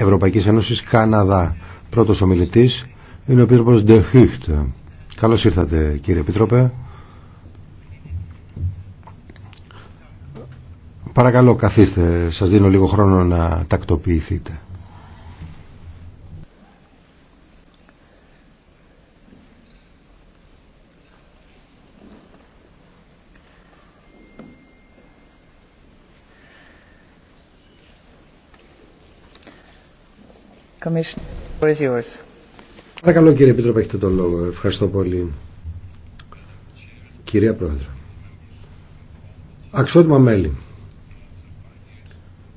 Ευρωπαϊκής Ένωσης Καναδά. Πρώτος ομιλητής είναι ο Επίτροπος Ντεχίχτ. Καλώς ήρθατε κύριε Επίτροπε. Παρακαλώ καθίστε, σας δίνω λίγο χρόνο να τακτοποιηθείτε. Παρακαλώ κύριε Επίτροπε, έχετε τον λόγο. Ευχαριστώ πολύ. Κυρία Πρόεδρε, αξιότιμα μέλη,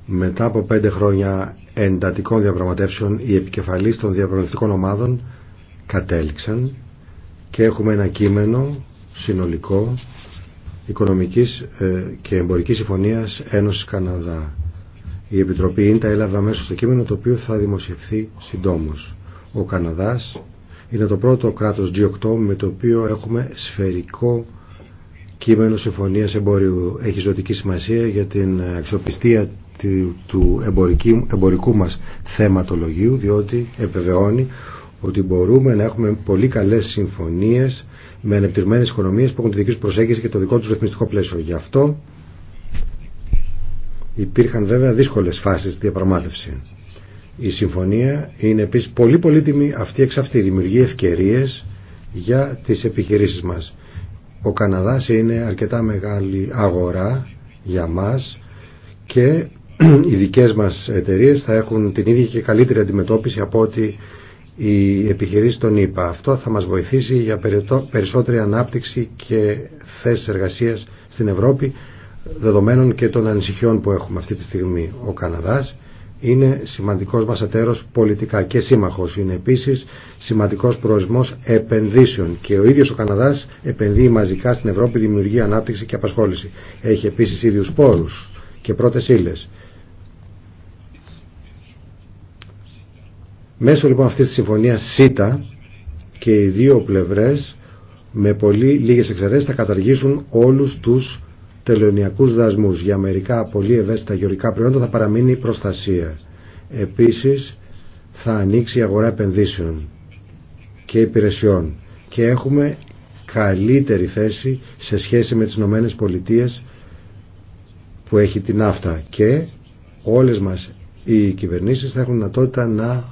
μετά από πέντε χρόνια εντατικών διαπραγματεύσεων, οι επικεφαλείς των διαπραγματευτικών ομάδων κατέληξαν και έχουμε ένα κείμενο συνολικό οικονομικής ε, και εμπορικής συμφωνίας Ένωσης Καναδά. Η Επιτροπή ΙΝΤΑ έλαβε αμέσω το κείμενο το οποίο θα δημοσιευθεί συντόμω. Ο Καναδά είναι το πρώτο κράτο G8 με το οποίο έχουμε σφαιρικό κείμενο συμφωνία εμπορίου. Έχει ζωτική σημασία για την αξιοπιστία του εμπορικού μα θεματολογίου διότι επιβεβαιώνει ότι μπορούμε να έχουμε πολύ καλέ συμφωνίε με ανεπτυγμένε οικονομίε που έχουν τη δική του προσέγγιση και το δικό του ρυθμιστικό πλαίσιο. Γι' αυτό Υπήρχαν βέβαια δύσκολες φάσεις διαπραγμάτευση. Η συμφωνία είναι επίσης πολύ πολύτιμη αυτή εξ αυτή. Δημιουργεί ευκαιρίες για τις επιχειρήσεις μας. Ο Καναδάς είναι αρκετά μεγάλη αγορά για μας και οι δικές μας εταιρείε θα έχουν την ίδια και καλύτερη αντιμετώπιση από ότι οι επιχειρήσει των ΗΠΑ. Αυτό θα μας βοηθήσει για περισσότερη ανάπτυξη και θέσει εργασία στην Ευρώπη δεδομένων και των ανησυχιών που έχουμε αυτή τη στιγμή ο Καναδάς είναι σημαντικός μας εταίρος πολιτικά και σύμμαχος. Είναι επίσης σημαντικός προορισμός επενδύσεων και ο ίδιος ο Καναδάς επενδύει μαζικά στην Ευρώπη, δημιουργεί ανάπτυξη και απασχόληση. Έχει επίσης ίδιους πόρους και πρώτες ύλες. Μέσω λοιπόν αυτής της συμφωνίας ΣΥΤΑ και οι δύο πλευρές με πολύ λίγες εξαιρέσεις θα καταργήσουν όλους τους Τελωνιακού δασμού για μερικά πολύ ευαίσθητα γεωρικά προϊόντα θα παραμείνει προστασία. Επίσης θα ανοίξει η αγορά επενδύσεων και υπηρεσιών και έχουμε καλύτερη θέση σε σχέση με τις Ηνωμένε Πολιτείε που έχει την αυτά και όλες μας οι κυβερνήσεις θα έχουν δυνατότητα να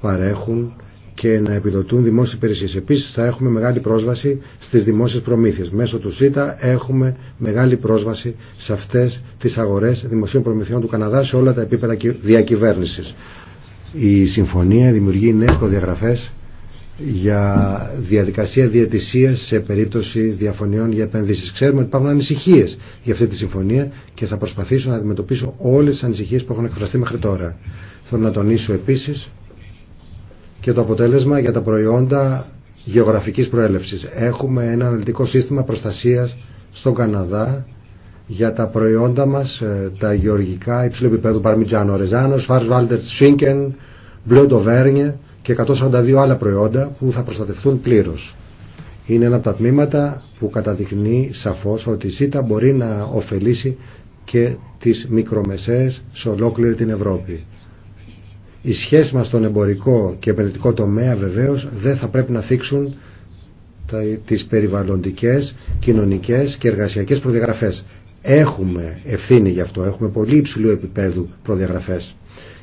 παρέχουν και να επιδοτούν δημόσιε υπηρεσίε. Επίση θα έχουμε μεγάλη πρόσβαση στι δημόσιε προμήθειε. Μέσω του ΣΥΤΑ έχουμε μεγάλη πρόσβαση σε αυτέ τι αγορέ δημοσίων προμηθειών του Καναδά σε όλα τα επίπεδα διακυβέρνηση. Η συμφωνία δημιουργεί νέε προδιαγραφέ για διαδικασία διαιτησία σε περίπτωση διαφωνιών για επενδύσει. Ξέρουμε ότι υπάρχουν ανησυχίε για αυτή τη συμφωνία και θα προσπαθήσω να αντιμετωπίσω όλε τι ανησυχίε που έχουν εκφραστεί μέχρι τώρα. Θέλω να τονίσω επίση και το αποτέλεσμα για τα προϊόντα γεωγραφικής προέλευσης. Έχουμε ένα αναλυτικό σύστημα προστασίας στον Καναδά για τα προϊόντα μας, ε, τα γεωργικά υψηλού επίπεδου Παρμιτζάνο Ρεζάνο, Σφαρσβάλτερ Σίνκεν, Μπλοντοβέρνιε και 142 άλλα προϊόντα που θα προστατευτούν πλήρως. Είναι ένα από τα τμήματα που καταδεικνύει σαφώς ότι η ΣΥΤΑ μπορεί να ωφελήσει και τις μικρομεσαίες σε ολόκληρη την Ευρώπη. Οι σχέσεις μας στον εμπορικό και επενδυτικό τομέα βεβαίως δεν θα πρέπει να θίξουν τις περιβαλλοντικές, κοινωνικές και εργασιακές προδιαγραφές. Έχουμε ευθύνη γι' αυτό. Έχουμε πολύ υψηλού επίπεδου προδιαγραφές.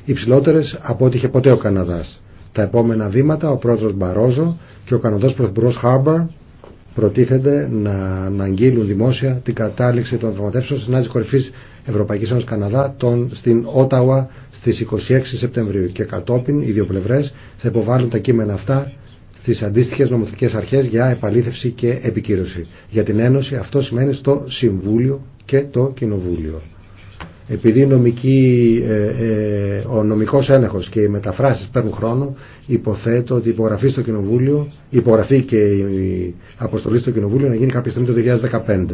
Υψηλότερες από ό,τι είχε ποτέ ο Καναδάς. Τα επόμενα βήματα ο πρόεδρος Μπαρόζο και ο Καναδός πρωθυπουργός Χάμπαρ Προτίθεται να αναγγείλουν δημόσια την κατάληξη των δραματεύσεων στην Άζη Κορυφής Ευρωπαϊκής Ένωσης Καναδά τον, στην Όταουα στις 26 Σεπτεμβρίου και κατόπιν οι δύο πλευρές θα υποβάλουν τα κείμενα αυτά στις αντίστοιχες νομοθετικές αρχές για επαλήθευση και επικύρωση. Για την Ένωση αυτό σημαίνει στο Συμβούλιο και το Κοινοβούλιο. Επειδή ε, ε, ο νομικός έλεγχος και οι μεταφράσεις παίρνουν χρόνο, υποθέτω ότι η υπογραφή στο Κοινοβούλιο, η υπογραφή και η αποστολή στο Κοινοβούλιο να γίνει κάποια στιγμή το 2015.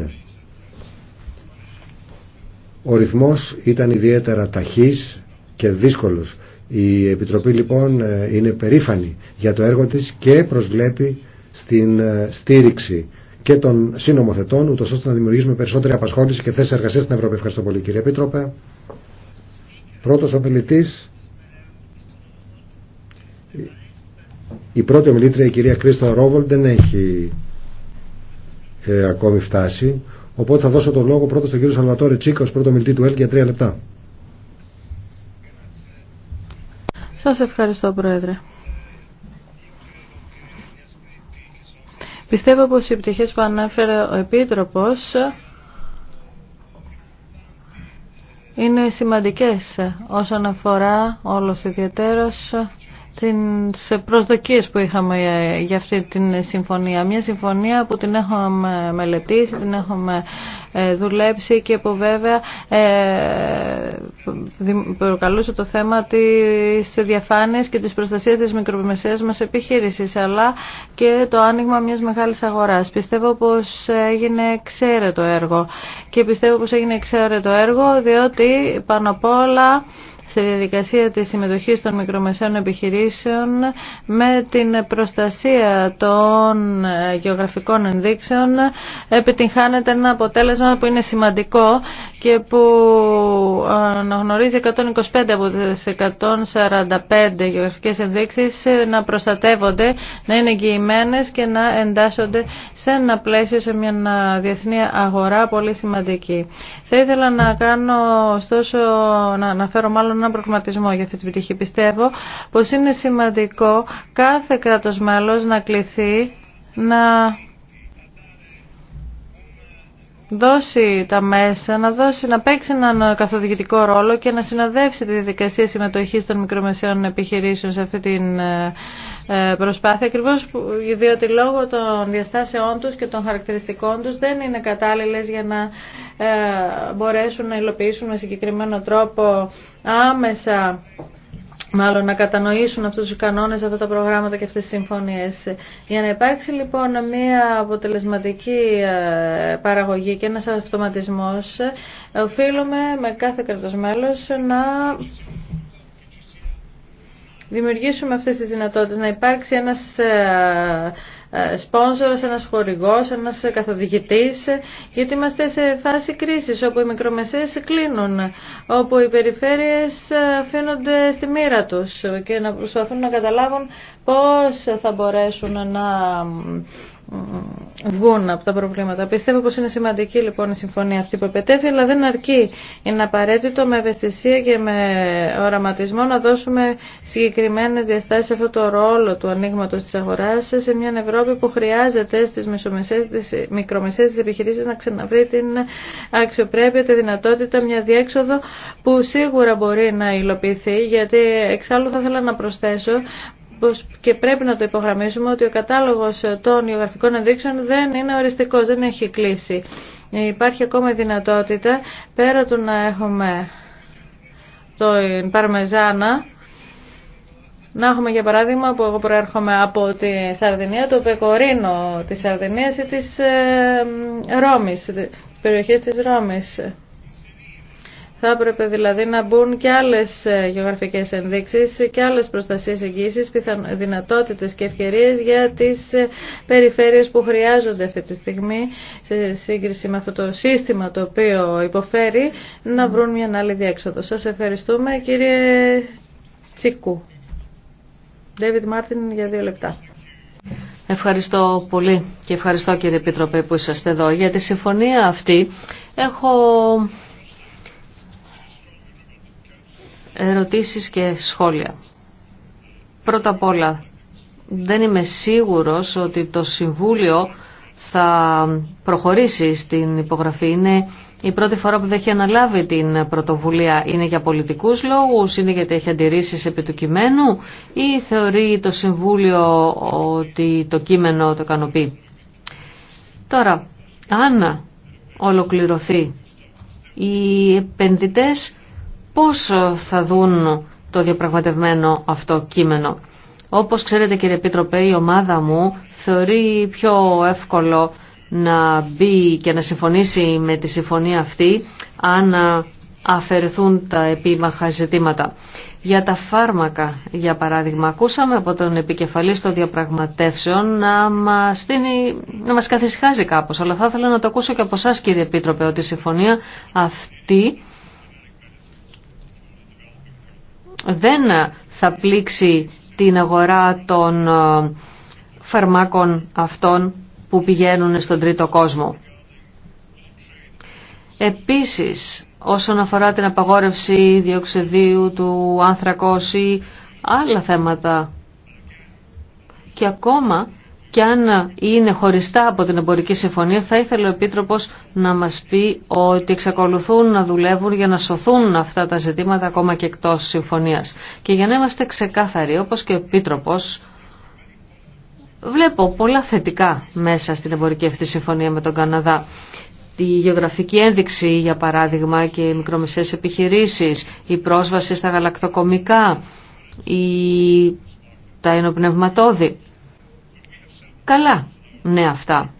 Ο ρυθμός ήταν ιδιαίτερα ταχύς και δύσκολος. Η Επιτροπή λοιπόν ε, είναι περήφανη για το έργο της και προσβλέπει στην στήριξη και των συνομοθετών, ούτω ώστε να δημιουργήσουμε περισσότερη απασχόληση και θέσει εργασία στην Ευρώπη. Ευχαριστώ πολύ, κύριε Επίτροπε. Πρώτο ομιλητή, η πρώτη ομιλήτρια, η κυρία Κρίστα Ρόβολ, δεν έχει ε, ακόμη φτάσει. Οπότε θα δώσω το λόγο πρώτα στον κύριο Σαλβατόρε Τσίκα, πρώτο ομιλητή του ΕΛ, για τρία λεπτά. Σας ευχαριστώ, Πρόεδρε. Πιστεύω πως οι πτυχές που ανέφερε ο Επίτροπος είναι σημαντικές όσον αφορά όλος ιδιαίτερος τις προσδοκίες που είχαμε ε, για αυτή την συμφωνία. Μια συμφωνία που την έχουμε μελετήσει, την έχουμε ε, δουλέψει και που βέβαια ε, προκαλούσε το θέμα της διαφάνειας και της προστασίας της μικρομεσαίας μας επιχείρησης αλλά και το άνοιγμα μιας μεγάλης αγοράς. Πιστεύω πως έγινε το έργο και πιστεύω πως έγινε το έργο διότι πάνω απ' όλα στη διαδικασία της συμμετοχής των μικρομεσαίων επιχειρήσεων με την προστασία των ε, γεωγραφικών ενδείξεων επιτυγχάνεται ένα αποτέλεσμα που είναι σημαντικό και που ε, αναγνωρίζει 125 από τις 145 γεωγραφικές ενδείξεις ε, να προστατεύονται, να είναι εγγυημένε και να εντάσσονται σε ένα πλαίσιο, σε μια διεθνή αγορά πολύ σημαντική. Θα ήθελα να κάνω, ωστόσο, να αναφέρω μάλλον έναν προγραμματισμό για αυτή την πτυχή. Πιστεύω πως είναι σημαντικό κάθε κράτος μέλος να κληθεί να δώσει τα μέσα, να, δώσει, να παίξει έναν καθοδηγητικό ρόλο και να συνοδεύσει τη διαδικασία συμμετοχής των μικρομεσαίων επιχειρήσεων σε αυτή την ε, ε, προσπάθεια, ακριβώ διότι λόγω των διαστάσεών τους και των χαρακτηριστικών τους δεν είναι κατάλληλες για να ε, μπορέσουν να υλοποιήσουν με συγκεκριμένο τρόπο άμεσα μάλλον να κατανοήσουν αυτούς τους κανόνες, αυτά τα προγράμματα και αυτές τις συμφωνίες. Για να υπάρξει λοιπόν μια αποτελεσματική ε, παραγωγή και ένας αυτοματισμός, οφείλουμε με κάθε κρατος να δημιουργήσουμε αυτές τις δυνατότητες, να υπάρξει ένας ε, ε, σπόνσορας, ένας χορηγός, ένας καθοδηγητής, γιατί είμαστε σε φάση κρίσης όπου οι μικρομεσαίες κλείνουν, όπου οι περιφέρειες αφήνονται στη μοίρα τους και να προσπαθούν να καταλάβουν πώς θα μπορέσουν να βγουν από τα προβλήματα. Πιστεύω πως είναι σημαντική λοιπόν η συμφωνία αυτή που επετέθη, αλλά δεν αρκεί. Είναι απαραίτητο με ευαισθησία και με οραματισμό να δώσουμε συγκεκριμένες διαστάσεις σε αυτό το ρόλο του ανοίγματο της αγοράς σε μια Ευρώπη που χρειάζεται στις τις μικρομεσαίες επιχειρήσεις να ξαναβρει την αξιοπρέπεια, τη δυνατότητα, μια διέξοδο που σίγουρα μπορεί να υλοποιηθεί, γιατί εξάλλου θα ήθελα να προσθέσω και πρέπει να το υπογραμμίσουμε ότι ο κατάλογος των γεωγραφικών ενδείξεων δεν είναι οριστικός, δεν έχει κλείσει. Υπάρχει ακόμα δυνατότητα, πέρα του να έχουμε το παρμεζάνα, να έχουμε για παράδειγμα που εγώ προέρχομαι από τη Σαρδινία, το πεκορίνο της Σαρδινίας ή της ε, Ρώμης, περιοχής της Ρώμης. Θα έπρεπε δηλαδή να μπουν και άλλες ε, γεωγραφικές ενδείξεις και άλλες προστασίες εγγύησης, δυνατότητες και ευκαιρίες για τις ε, περιφέρειες που χρειάζονται αυτή τη στιγμή σε σύγκριση με αυτό το σύστημα το οποίο υποφέρει να βρουν μια άλλη διέξοδο. Σας ευχαριστούμε κύριε Τσίκου. David Μάρτιν για δύο λεπτά. Ευχαριστώ πολύ και ευχαριστώ κύριε Επίτροπε που είσαστε εδώ. Για τη συμφωνία αυτή έχω ερωτήσεις και σχόλια. Πρώτα απ' όλα, δεν είμαι σίγουρος ότι το Συμβούλιο θα προχωρήσει στην υπογραφή. Είναι η πρώτη φορά που δεν έχει αναλάβει την πρωτοβουλία. Είναι για πολιτικούς λόγους, είναι γιατί έχει αντιρρήσεις επί του κειμένου ή θεωρεί το Συμβούλιο ότι το κείμενο το ικανοποιεί. Τώρα, αν ολοκληρωθεί οι επενδυτές πώς θα δουν το διαπραγματευμένο αυτό κείμενο. Όπως ξέρετε κύριε Επίτροπε, η ομάδα μου θεωρεί πιο εύκολο να μπει και να συμφωνήσει με τη συμφωνία αυτή αν αφαιρεθούν τα επίμαχα ζητήματα. Για τα φάρμακα, για παράδειγμα, ακούσαμε από τον επικεφαλής των διαπραγματεύσεων να μας, δίνει, να μας κάπως, αλλά θα ήθελα να το ακούσω και από εσά κύριε Επίτροπε, ότι η συμφωνία αυτή δεν θα πλήξει την αγορά των ε, φαρμάκων αυτών που πηγαίνουν στον τρίτο κόσμο. Επίσης, όσον αφορά την απαγόρευση διοξεδίου του άνθρακος ή άλλα θέματα και ακόμα και αν είναι χωριστά από την εμπορική συμφωνία, θα ήθελε ο Επίτροπος να μας πει ότι εξακολουθούν να δουλεύουν για να σωθούν αυτά τα ζητήματα ακόμα και εκτός συμφωνίας. Και για να είμαστε ξεκάθαροι, όπως και ο Επίτροπος, βλέπω πολλά θετικά μέσα στην εμπορική αυτή συμφωνία με τον Καναδά. Τη γεωγραφική ένδειξη, για παράδειγμα, και οι μικρομεσαίες επιχειρήσεις, η πρόσβαση στα γαλακτοκομικά, η... τα ενοπνευματόδη. Καλά, ναι αυτά.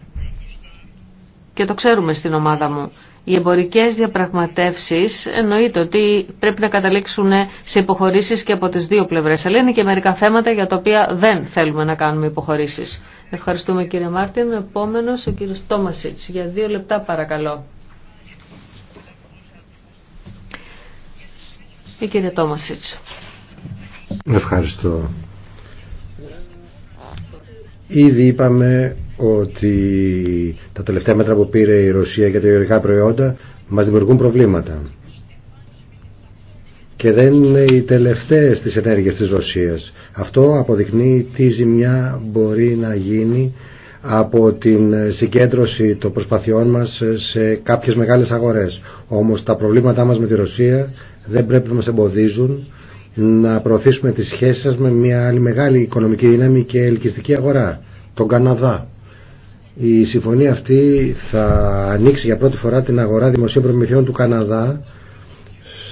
Και το ξέρουμε στην ομάδα μου. Οι εμπορικές διαπραγματεύσεις εννοείται ότι πρέπει να καταλήξουν σε υποχωρήσεις και από τις δύο πλευρές. Αλλά είναι και μερικά θέματα για τα οποία δεν θέλουμε να κάνουμε υποχωρήσεις. Ευχαριστούμε κύριε Μάρτιν. Επόμενο, επόμενος ο κύριος Τόμασιτς. Για δύο λεπτά παρακαλώ. Η κυρία Τόμασιτς. Ευχαριστώ. Ήδη είπαμε ότι τα τελευταία μέτρα που πήρε η Ρωσία για τα γεωργικά προϊόντα μας δημιουργούν προβλήματα. Και δεν είναι οι τελευταίες τις ενέργειες της Ρωσίας. Αυτό αποδεικνύει τι ζημιά μπορεί να γίνει από την συγκέντρωση των προσπαθειών μας σε κάποιες μεγάλες αγορές. Όμως τα προβλήματά μας με τη Ρωσία δεν πρέπει να μας εμποδίζουν να προωθήσουμε τις σχέσεις σας με μια άλλη μεγάλη οικονομική δύναμη και ελκυστική αγορά, τον Καναδά. Η συμφωνία αυτή θα ανοίξει για πρώτη φορά την αγορά δημοσίων προμηθειών του Καναδά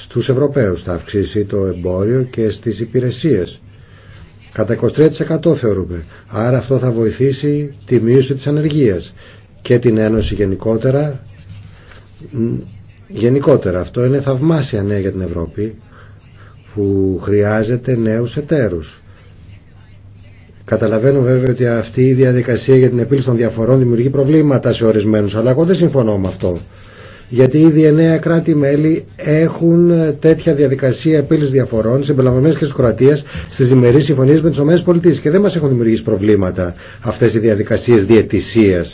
στους Ευρωπαίους. Θα αυξήσει το εμπόριο και στις υπηρεσίες. Κατά 23% θεωρούμε. Άρα αυτό θα βοηθήσει τη μείωση της ανεργίας και την Ένωση γενικότερα. Γενικότερα αυτό είναι θαυμάσια νέα για την Ευρώπη που χρειάζεται νέους εταίρους. Καταλαβαίνω βέβαια ότι αυτή η διαδικασία για την επίλυση των διαφορών δημιουργεί προβλήματα σε ορισμένους, αλλά εγώ δεν συμφωνώ με αυτό. Γιατί ήδη εννέα κράτη-μέλη έχουν τέτοια διαδικασία επίλυση διαφορών, συμπεριλαμβανομένε και τη Κροατία, στι διμερεί συμφωνίε με τι ΗΠΑ και δεν μα έχουν δημιουργήσει προβλήματα αυτέ οι διαδικασίε διαιτησία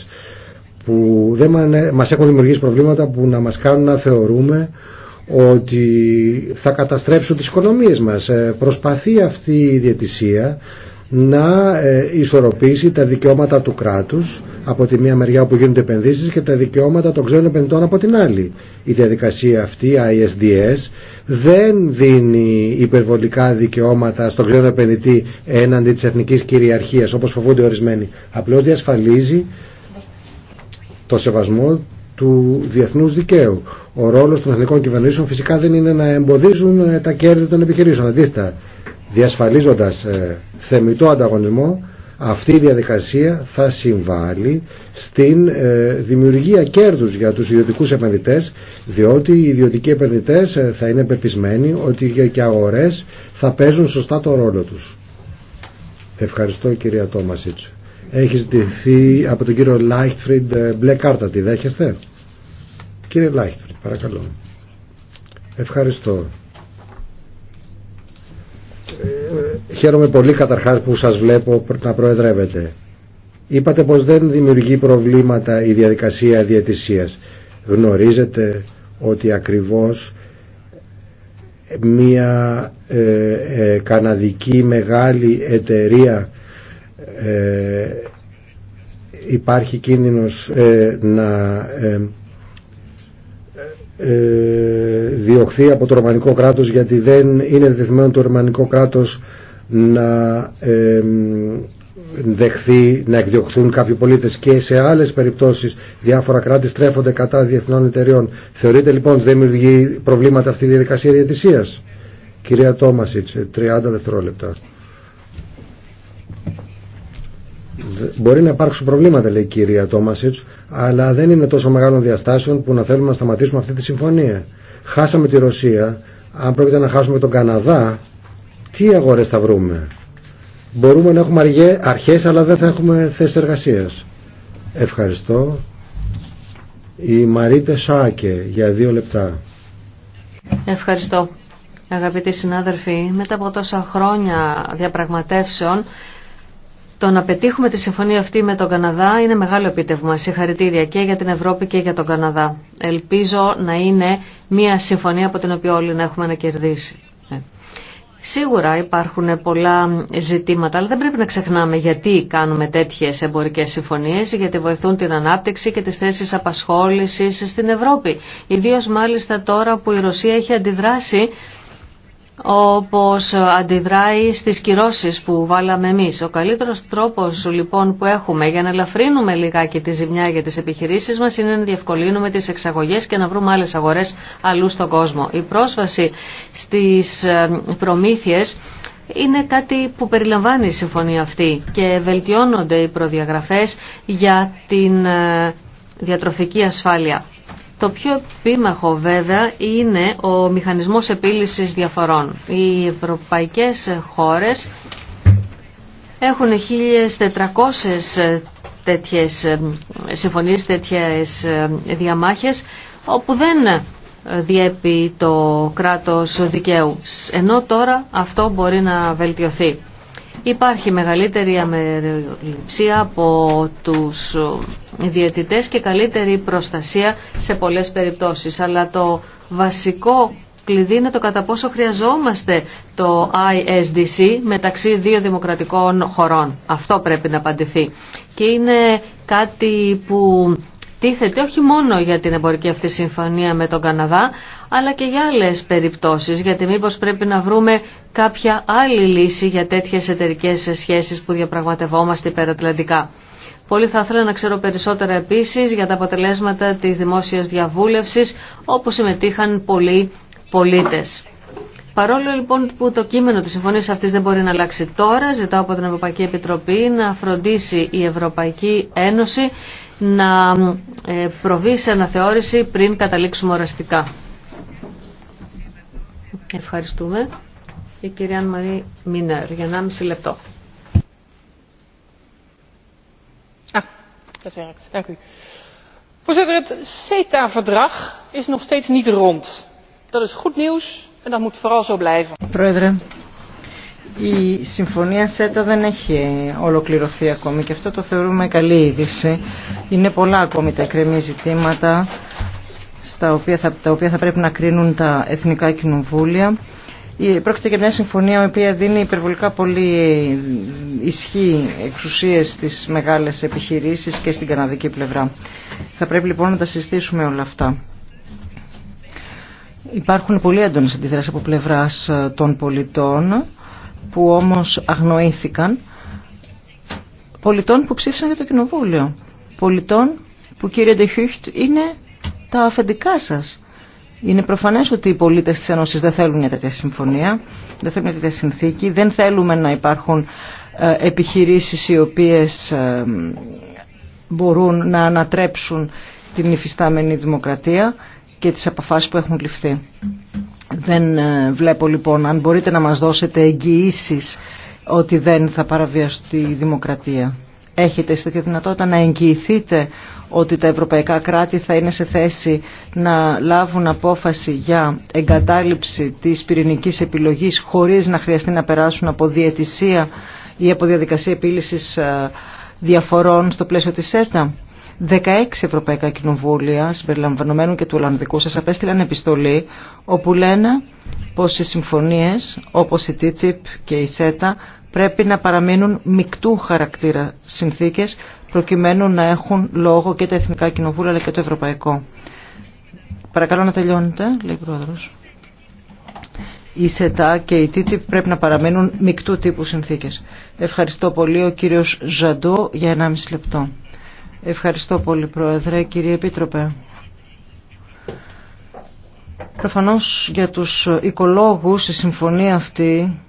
που δεν μας έχουν δημιουργήσει προβλήματα που να μας κάνουν να θεωρούμε ότι θα καταστρέψουν τις οικονομίες μας. Ε, προσπαθεί αυτή η διατησία να ε, ισορροπήσει τα δικαιώματα του κράτους από τη μία μεριά όπου γίνονται επενδύσεις και τα δικαιώματα των ξένων επενδυτών από την άλλη. Η διαδικασία αυτή, ISDS, δεν δίνει υπερβολικά δικαιώματα στον ξένο επενδυτή έναντι της εθνικής κυριαρχίας όπως φοβούνται ορισμένοι. Απλώς διασφαλίζει το σεβασμό του διεθνούς δικαίου. Ο ρόλος των εθνικών κυβερνήσεων φυσικά δεν είναι να εμποδίζουν ε, τα κέρδη των επιχειρήσεων. Αντίθετα, διασφαλίζοντας ε, θεμητό ανταγωνισμό, αυτή η διαδικασία θα συμβάλλει στην ε, δημιουργία κέρδους για τους ιδιωτικούς επενδυτές διότι οι ιδιωτικοί επενδυτές θα είναι πεπισμένοι ότι και αγορές θα παίζουν σωστά το ρόλο τους. Ευχαριστώ κυρία Τόμασίτσου. Έχει ζητηθεί από τον κύριο Λάιχτφριντ μπλε κάρτα. Τη δέχεστε? Κύριε Λάιχτρ, παρακαλώ. Ευχαριστώ. Ε, χαίρομαι πολύ καταρχάς που σας βλέπω να προεδρεύετε. Είπατε πως δεν δημιουργεί προβλήματα η διαδικασία διαιτησίας. Γνωρίζετε ότι ακριβώς μια ε, ε, καναδική μεγάλη εταιρεία υπάρχει κίνδυνος να ε, διωχθεί από το Ρωμανικό κράτος γιατί δεν είναι δεδεθμένο το Ρωμανικό κράτος να ε, δεχθεί να εκδιωχθούν κάποιοι πολίτες και σε άλλες περιπτώσεις διάφορα κράτη στρέφονται κατά διεθνών εταιριών. Θεωρείτε λοιπόν ότι δεν δημιουργεί προβλήματα αυτή η διαδικασία διατησίας. Κυρία Τόμασιτς, 30 ε, δευτερόλεπτα. Μπορεί να υπάρξουν προβλήματα, λέει η κυρία Τόμασιτ, αλλά δεν είναι τόσο μεγάλων διαστάσεων που να θέλουμε να σταματήσουμε αυτή τη συμφωνία. Χάσαμε τη Ρωσία. Αν πρόκειται να χάσουμε τον Καναδά, τι αγορέ θα βρούμε. Μπορούμε να έχουμε αρχέ, αλλά δεν θα έχουμε θέσει εργασία. Ευχαριστώ. Η Μαρίτε Σάκε για δύο λεπτά. Ευχαριστώ. Αγαπητοί συνάδελφοι, μετά από τόσα χρόνια διαπραγματεύσεων το να πετύχουμε τη συμφωνία αυτή με τον Καναδά είναι μεγάλο επίτευγμα. Συγχαρητήρια και για την Ευρώπη και για τον Καναδά. Ελπίζω να είναι μια συμφωνία από την οποία όλοι να έχουμε να κερδίσει. Ναι. Σίγουρα υπάρχουν πολλά ζητήματα, αλλά δεν πρέπει να ξεχνάμε γιατί κάνουμε τέτοιες εμπορικές συμφωνίες, γιατί βοηθούν την ανάπτυξη και τις θέσεις απασχόλησης στην Ευρώπη. Ιδίως μάλιστα τώρα που η Ρωσία έχει αντιδράσει όπως αντιδράει στις κυρώσεις που βάλαμε εμείς. Ο καλύτερος τρόπος λοιπόν που έχουμε για να ελαφρύνουμε λιγάκι τη ζημιά για τις επιχειρήσεις μας είναι να διευκολύνουμε τις εξαγωγές και να βρούμε άλλες αγορές αλλού στον κόσμο. Η πρόσβαση στις ε, προμήθειες είναι κάτι που περιλαμβάνει η συμφωνία αυτή και βελτιώνονται οι προδιαγραφές για την ε, διατροφική ασφάλεια. Το πιο επίμαχο βέβαια είναι ο μηχανισμός επίλυσης διαφορών. Οι ευρωπαϊκές χώρες έχουν 1.400 τέτοιες συμφωνίες, τέτοιες διαμάχες όπου δεν διέπει το κράτος δικαίου. Ενώ τώρα αυτό μπορεί να βελτιωθεί. Υπάρχει μεγαλύτερη αμεροληψία από τους διαιτητές και καλύτερη προστασία σε πολλές περιπτώσεις. Αλλά το βασικό κλειδί είναι το κατά πόσο χρειαζόμαστε το ISDC μεταξύ δύο δημοκρατικών χωρών. Αυτό πρέπει να απαντηθεί. Και είναι κάτι που τίθεται όχι μόνο για την εμπορική αυτή συμφωνία με τον Καναδά, αλλά και για άλλες περιπτώσεις, γιατί μήπως πρέπει να βρούμε κάποια άλλη λύση για τέτοιες εταιρικέ σχέσεις που διαπραγματευόμαστε υπερατλαντικά. Πολύ θα ήθελα να ξέρω περισσότερα επίσης για τα αποτελέσματα της δημόσιας διαβούλευσης, όπου συμμετείχαν πολλοί πολίτες. Παρόλο λοιπόν που το κείμενο της συμφωνίας αυτής δεν μπορεί να αλλάξει τώρα, ζητάω από την Ευρωπαϊκή Επιτροπή να φροντίσει η Ευρωπαϊκή Ένωση να ε, προβεί σε αναθεώρηση πριν καταλήξουμε οραστικά. Ευχαριστούμε. Η κυρία Μαρή Μινέρ για μισή λεπτό. Ah, dat werkt, dank u. Voorzitter, het Πρόεδρε, η συμφωνία ΣΕΤΑ δεν έχει ολοκληρωθεί ακόμη και αυτό το θεωρούμε καλή είδηση. Είναι πολλά ακόμη τα εκκρεμή ζητήματα στα οποία θα, τα οποία θα πρέπει να κρίνουν τα εθνικά κοινοβούλια. Πρόκειται για μια συμφωνία η οποία δίνει υπερβολικά πολύ ισχύ εξουσίες στις μεγάλες επιχειρήσεις και στην καναδική πλευρά. Θα πρέπει λοιπόν να τα συζητήσουμε όλα αυτά. Υπάρχουν πολύ έντονες αντιδράσεις από πλευράς ε, των πολιτών που όμως αγνοήθηκαν. Πολιτών που ψήφισαν για το κοινοβούλιο. Πολιτών που κύριε Ντεχιούχτ είναι τα αφεντικά σας. Είναι προφανές ότι οι πολίτες της Ένωσης δεν θέλουν μια τέτοια συμφωνία, δεν θέλουν μια τέτοια συνθήκη, δεν θέλουμε να υπάρχουν ε, επιχειρήσεις οι οποίες ε, μπορούν να ανατρέψουν την υφιστάμενη δημοκρατία και τις αποφάσεις που έχουν ληφθεί. Δεν ε, βλέπω λοιπόν αν μπορείτε να μας δώσετε εγγυήσει ότι δεν θα παραβιαστεί η δημοκρατία. Έχετε τέτοια δυνατότητα να εγγυηθείτε ότι τα ευρωπαϊκά κράτη θα είναι σε θέση να λάβουν απόφαση για εγκατάλειψη της πυρηνικής επιλογής χωρίς να χρειαστεί να περάσουν από διαιτησία ή από διαδικασία επίλυσης ε, διαφορών στο πλαίσιο της ΣΕΤΑ. 16 ευρωπαϊκά κοινοβούλια, συμπεριλαμβανομένου και του Ολλανδικού, σας απέστειλαν επιστολή όπου λένε πως οι συμφωνίες όπως η TTIP και η ΣΕΤΑ πρέπει να παραμείνουν μικτού χαρακτήρα συνθήκες προκειμένου να έχουν λόγο και τα Εθνικά Κοινοβούλια αλλά και το Ευρωπαϊκό. Παρακαλώ να τελειώνετε, λέει ο Πρόεδρος. Η ΣΕΤΑ και η ΤΙΤΙ πρέπει να παραμένουν μεικτού τύπου συνθήκες. Ευχαριστώ πολύ ο κύριος Ζαντού για 1,5 λεπτό. Ευχαριστώ πολύ Πρόεδρε, κύριε Επίτροπε. Προφανώς για τους οικολόγους η συμφωνία αυτή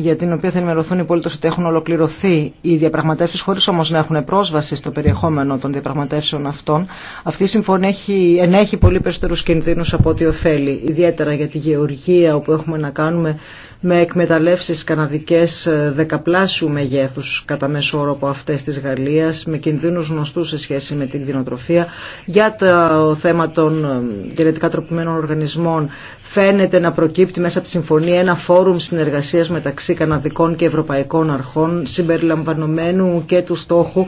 για την οποία θα ενημερωθούν οι πολίτε ότι έχουν ολοκληρωθεί οι διαπραγματεύσει, χωρίς όμως να έχουν πρόσβαση στο περιεχόμενο των διαπραγματεύσεων αυτών. Αυτή η συμφωνία έχει, ενέχει πολύ περισσότερους κινδύνους από ό,τι ωφέλει, ιδιαίτερα για τη γεωργία όπου έχουμε να κάνουμε με εκμεταλλεύσεις καναδικές δεκαπλάσιου μεγέθους κατά μέσο όρο από αυτές της Γαλλίας, με κινδύνους γνωστούς σε σχέση με την κτηνοτροφία. Για το θέμα των ε, γενετικά τροπημένων οργανισμών φαίνεται να προκύπτει μέσα από τη συμφωνία ένα φόρουμ συνεργασίας μεταξύ καναδικών και ευρωπαϊκών αρχών συμπεριλαμβανομένου και του στόχου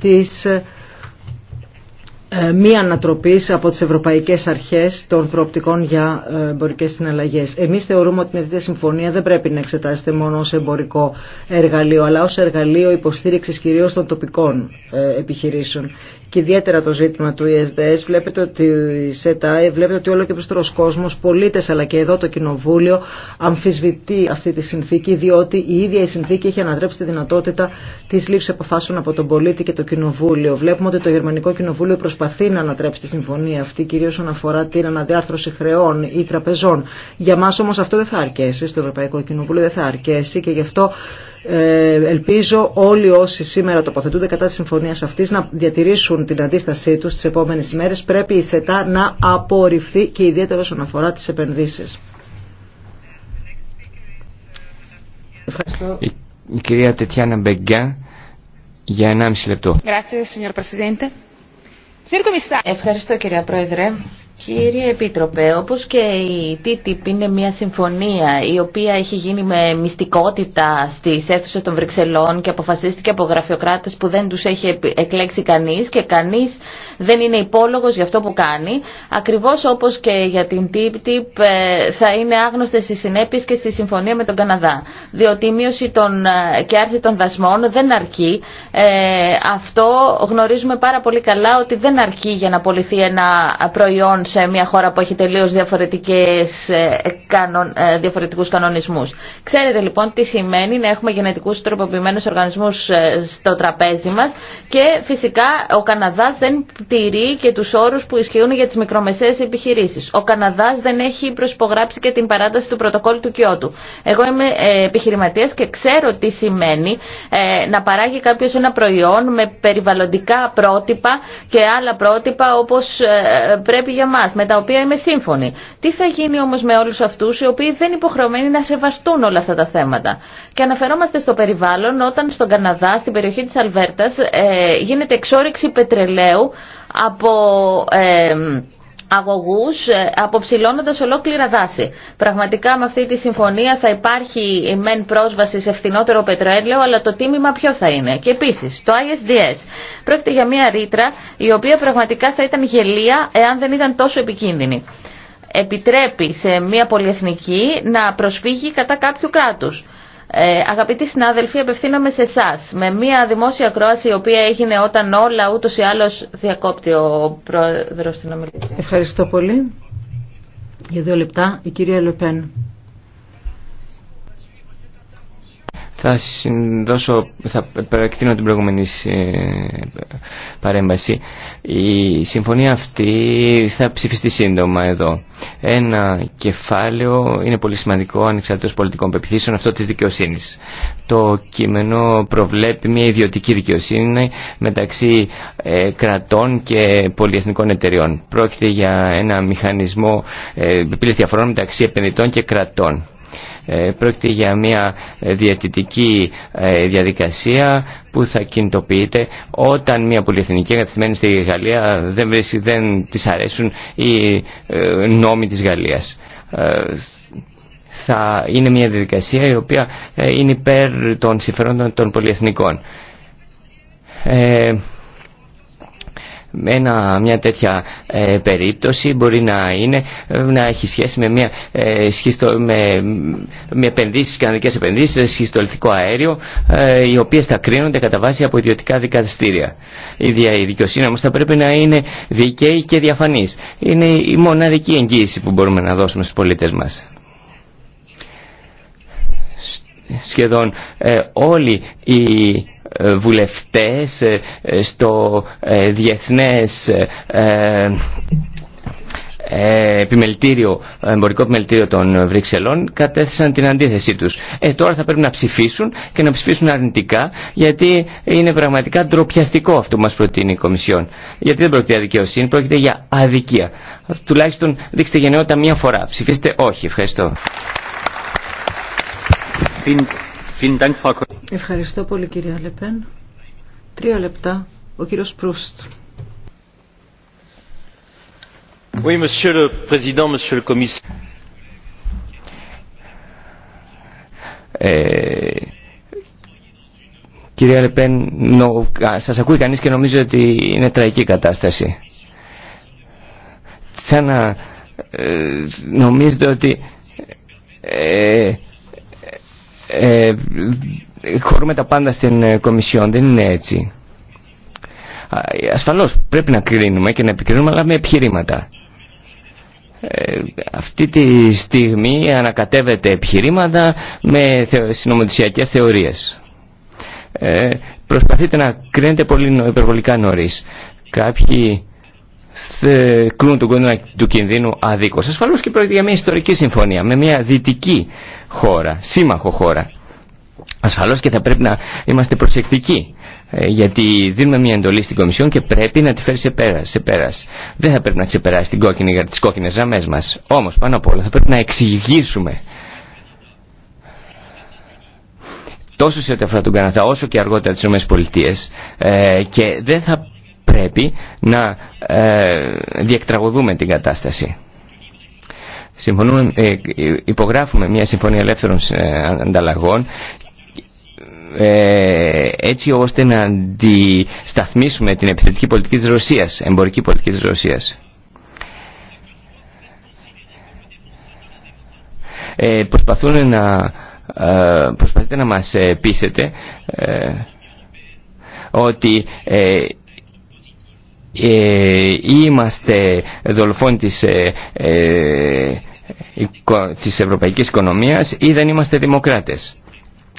της ε, μη ανατροπής από τις ευρωπαϊκές αρχές των προοπτικών για ε, εμπορικές συναλλαγές. Εμείς θεωρούμε ότι η τη Συμφωνία δεν πρέπει να εξετάζεται μόνο ως εμπορικό εργαλείο, αλλά ως εργαλείο υποστήριξης κυρίως των τοπικών ε, επιχειρήσεων και ιδιαίτερα το ζήτημα του ESDS, βλέπετε ότι η ΣΕΤΑ, ε, βλέπετε ότι όλο και τον κόσμος, πολίτες αλλά και εδώ το Κοινοβούλιο αμφισβητεί αυτή τη συνθήκη διότι η ίδια η συνθήκη έχει ανατρέψει τη δυνατότητα της λήψης αποφάσεων από τον πολίτη και το Κοινοβούλιο. Βλέπουμε ότι το Γερμανικό Κοινοβούλιο προσπαθεί να ανατρέψει τη συμφωνία αυτή κυρίως όσον αφορά την αναδιάρθρωση χρεών ή τραπεζών. Για μας όμως αυτό δεν θα αρκέσει, στο Ευρωπαϊκό Κοινοβούλιο δεν θα αρκέσει και γι' αυτό ε, ελπίζω όλοι όσοι σήμερα τοποθετούνται κατά τη συμφωνία αυτή να διατηρήσουν την αντίστασή του τι επόμενε ημέρε. Πρέπει η ΣΕΤΑ να απορριφθεί και ιδιαίτερα όσον αφορά τι επενδύσει. κυρία Τετιάνα για λεπτό. Ευχαριστώ κυρία Πρόεδρε. Κύριε Επίτροπε, όπως και η TTIP είναι μια συμφωνία η οποία έχει γίνει με μυστικότητα στις αίθουσες των Βρυξελών και αποφασίστηκε από γραφειοκράτες που δεν τους έχει εκλέξει κανείς και κανείς δεν είναι υπόλογος για αυτό που κάνει. Ακριβώς όπως και για την TTIP ε, θα είναι άγνωστες οι συνέπειες και στη συμφωνία με τον Καναδά. Διότι η μείωση των, ε, και άρση των δασμών δεν αρκεί. Ε, αυτό γνωρίζουμε πάρα πολύ καλά ότι δεν αρκεί για να απολυθεί ένα προϊόν σε μια χώρα που έχει τελείω διαφορετικές, ε, ε, διαφορετικούς κανονισμούς. Ξέρετε λοιπόν τι σημαίνει να έχουμε γενετικούς τροποποιημένους οργανισμούς ε, στο τραπέζι μας και φυσικά ο Καναδάς δεν τηρεί και τους όρους που ισχύουν για τις μικρομεσαίες επιχειρήσεις. Ο Καναδάς δεν έχει προσπογράψει και την παράταση του πρωτοκόλλου του Κιώτου. Εγώ είμαι επιχειρηματίας και ξέρω τι σημαίνει να παράγει κάποιος ένα προϊόν με περιβαλλοντικά πρότυπα και άλλα πρότυπα όπως πρέπει για μα εμά, με τα οποία είμαι σύμφωνη. Τι θα γίνει όμω με όλου αυτού οι οποίοι δεν υποχρεωμένοι να σεβαστούν όλα αυτά τα θέματα. Και αναφερόμαστε στο περιβάλλον όταν στον Καναδά, στην περιοχή τη Αλβέρτα, ε, γίνεται εξόριξη πετρελαίου από. Ε, Αγωγού, ε, αποψηλώνοντα ολόκληρα δάση. Πραγματικά με αυτή τη συμφωνία θα υπάρχει μεν πρόσβαση σε φθηνότερο πετρέλαιο, αλλά το τίμημα ποιο θα είναι. Και επίση, το ISDS πρόκειται για μια ρήτρα η οποία πραγματικά θα ήταν γελία εάν δεν ήταν τόσο επικίνδυνη. Επιτρέπει σε μια πολυεθνική να προσφύγει κατά κάποιου κράτους. Ε, αγαπητοί συνάδελφοι, απευθύνομαι σε εσά. Με μια δημόσια ακρόαση η οποία έγινε όταν όλα ούτω ή άλλω διακόπτει ο πρόεδρο στην ομιλία. Ευχαριστώ πολύ. Για δύο λεπτά η κυρία Λεπέν. Θα συνδώσω, θα εκτείνω την προηγούμενη ε, παρέμβαση. Η συμφωνία αυτή θα ψηφιστεί σύντομα εδώ. Ένα κεφάλαιο είναι πολύ σημαντικό ανεξαρτήτως πολιτικών πεπιθήσεων, αυτό της δικαιοσύνης. Το κείμενο προβλέπει μια ιδιωτική δικαιοσύνη μεταξύ ε, κρατών και πολυεθνικών εταιριών. Πρόκειται για ένα μηχανισμό ε, διαφορών μεταξύ επενδυτών και κρατών ε, πρόκειται για μια ε, διατητική ε, διαδικασία που θα κινητοποιείται όταν μια πολυεθνική εγκαταστημένη στη Γαλλία δεν, τη δεν της αρέσουν οι νόμοι της Γαλλίας. Θα είναι μια διαδικασία η οποία είναι υπέρ των συμφερόντων των πολυεθνικών μια τέτοια ε, περίπτωση μπορεί να είναι ε, να έχει σχέση με, μια, ε, σχιστο, με, με επενδύσεις, κανονικές επενδύσεις, σχιστολιθικό αέριο, ε, οι οποίες θα κρίνονται κατά βάση από ιδιωτικά δικαστήρια. Η, δια, η δικαιοσύνη όμως θα πρέπει να είναι δικαίη και διαφανής. Είναι η μοναδική εγγύηση που μπορούμε να δώσουμε στους πολίτες μας σχεδόν ε, όλοι οι ε, βουλευτές ε, στο διεθνές επιμελητήριο, εμπορικό επιμελητήριο των Βρυξελών κατέθεσαν την αντίθεσή τους. τώρα θα πρέπει να ψηφίσουν και να ψηφίσουν αρνητικά γιατί είναι πραγματικά ντροπιαστικό αυτό που μας προτείνει η Κομισιόν. Γιατί δεν πρόκειται για δικαιοσύνη, πρόκειται για αδικία. Τουλάχιστον δείξτε γενναιότητα μία φορά. Ψηφίστε όχι. Ευχαριστώ. Ευχαριστώ πολύ κυρία Λεπέν. Τρία λεπτά. Ο κύριος Προύστ. Oui, monsieur le président, monsieur le commissaire. Ε, κυρία Λεπέν, νο, σας ακούει κανείς και νομίζω ότι είναι τραγική κατάσταση. Σαν να ε, νομίζετε ότι ε, ε, χωρούμε τα πάντα στην ε, Κομισιόν. Δεν είναι έτσι. Ασφαλώς πρέπει να κρίνουμε και να επικρίνουμε αλλά με επιχειρήματα. Ε, αυτή τη στιγμή ανακατεύεται επιχειρήματα με συνομωτησιακές θεωρίες. Ε, προσπαθείτε να κρίνετε πολύ υπερβολικά νωρίς. Κάποιοι κλούν τον κόντρα του κινδύνου αδίκως. Ασφαλώς και πρόκειται για μια ιστορική συμφωνία με μια δυτική χώρα, σύμμαχο χώρα. Ασφαλώς και θα πρέπει να είμαστε προσεκτικοί ε, γιατί δίνουμε μια εντολή στην Κομισιόν και πρέπει να τη φέρει σε πέρας, σε πέρας. Δεν θα πρέπει να ξεπεράσει την κόκκινη για τις κόκκινες ζάμες μας. Όμως πάνω απ' όλα θα πρέπει να εξηγήσουμε τόσο σε ό,τι αφορά τον Καναδά όσο και αργότερα τις ΗΠΑ ε, και δεν θα πρέπει να ε, διεκτραγωδούμε την κατάσταση. Συμφωνούμε, ε, υπογράφουμε μια συμφωνία ελεύθερων ε, ανταλλαγών ε, έτσι ώστε να αντισταθμίσουμε την επιθετική πολιτική της Ρωσίας, εμπορική πολιτική της Ρωσίας. προσπαθούν να, ε, προσπαθείτε να μας πείσετε ότι ε, είμαστε δολοφόνοι της, ε, ε, της ευρωπαϊκής οικονομίας ή δεν είμαστε δημοκράτες.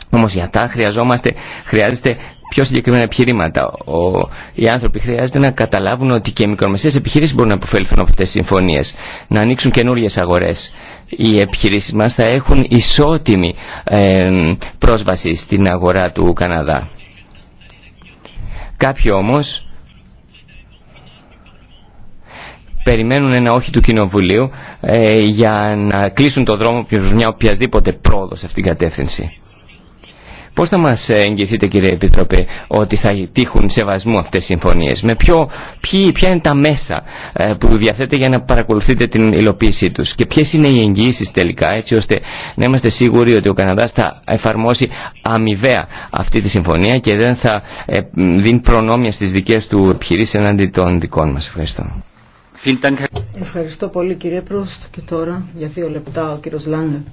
Όμως για αυτά χρειαζόμαστε, χρειάζεται πιο συγκεκριμένα επιχειρήματα. Ο, οι άνθρωποι χρειάζεται να καταλάβουν ότι και οι μικρομεσαίες επιχειρήσεις μπορούν να αποφέλθουν από αυτές τις συμφωνίες, να ανοίξουν καινούριες αγορές. Οι επιχειρήσεις μας θα έχουν ισότιμη ε, πρόσβαση στην αγορά του Καναδά. Κάποιοι όμως περιμένουν ένα όχι του Κοινοβουλίου ε, για να κλείσουν το δρόμο προς μια οποιασδήποτε πρόοδο σε αυτήν την κατεύθυνση. Πώς θα μας εγγυηθείτε κύριε Επίτροπε ότι θα τύχουν σεβασμού αυτές οι συμφωνίες. Με ποιο, ποια είναι τα μέσα ε, που διαθέτεται για να παρακολουθείτε την υλοποίησή τους. Και ποιες είναι οι εγγυήσει τελικά έτσι ώστε να είμαστε σίγουροι ότι ο Καναδάς θα εφαρμόσει αμοιβαία αυτή τη συμφωνία και δεν θα ε, δίνει προνόμια στις δικές του επιχειρήσει εναντί των δικών μας. Ευχαριστώ. Ευχαριστώ πολύ κύριε Προύστ και τώρα για δύο λεπτά ο κύριος Λάνε.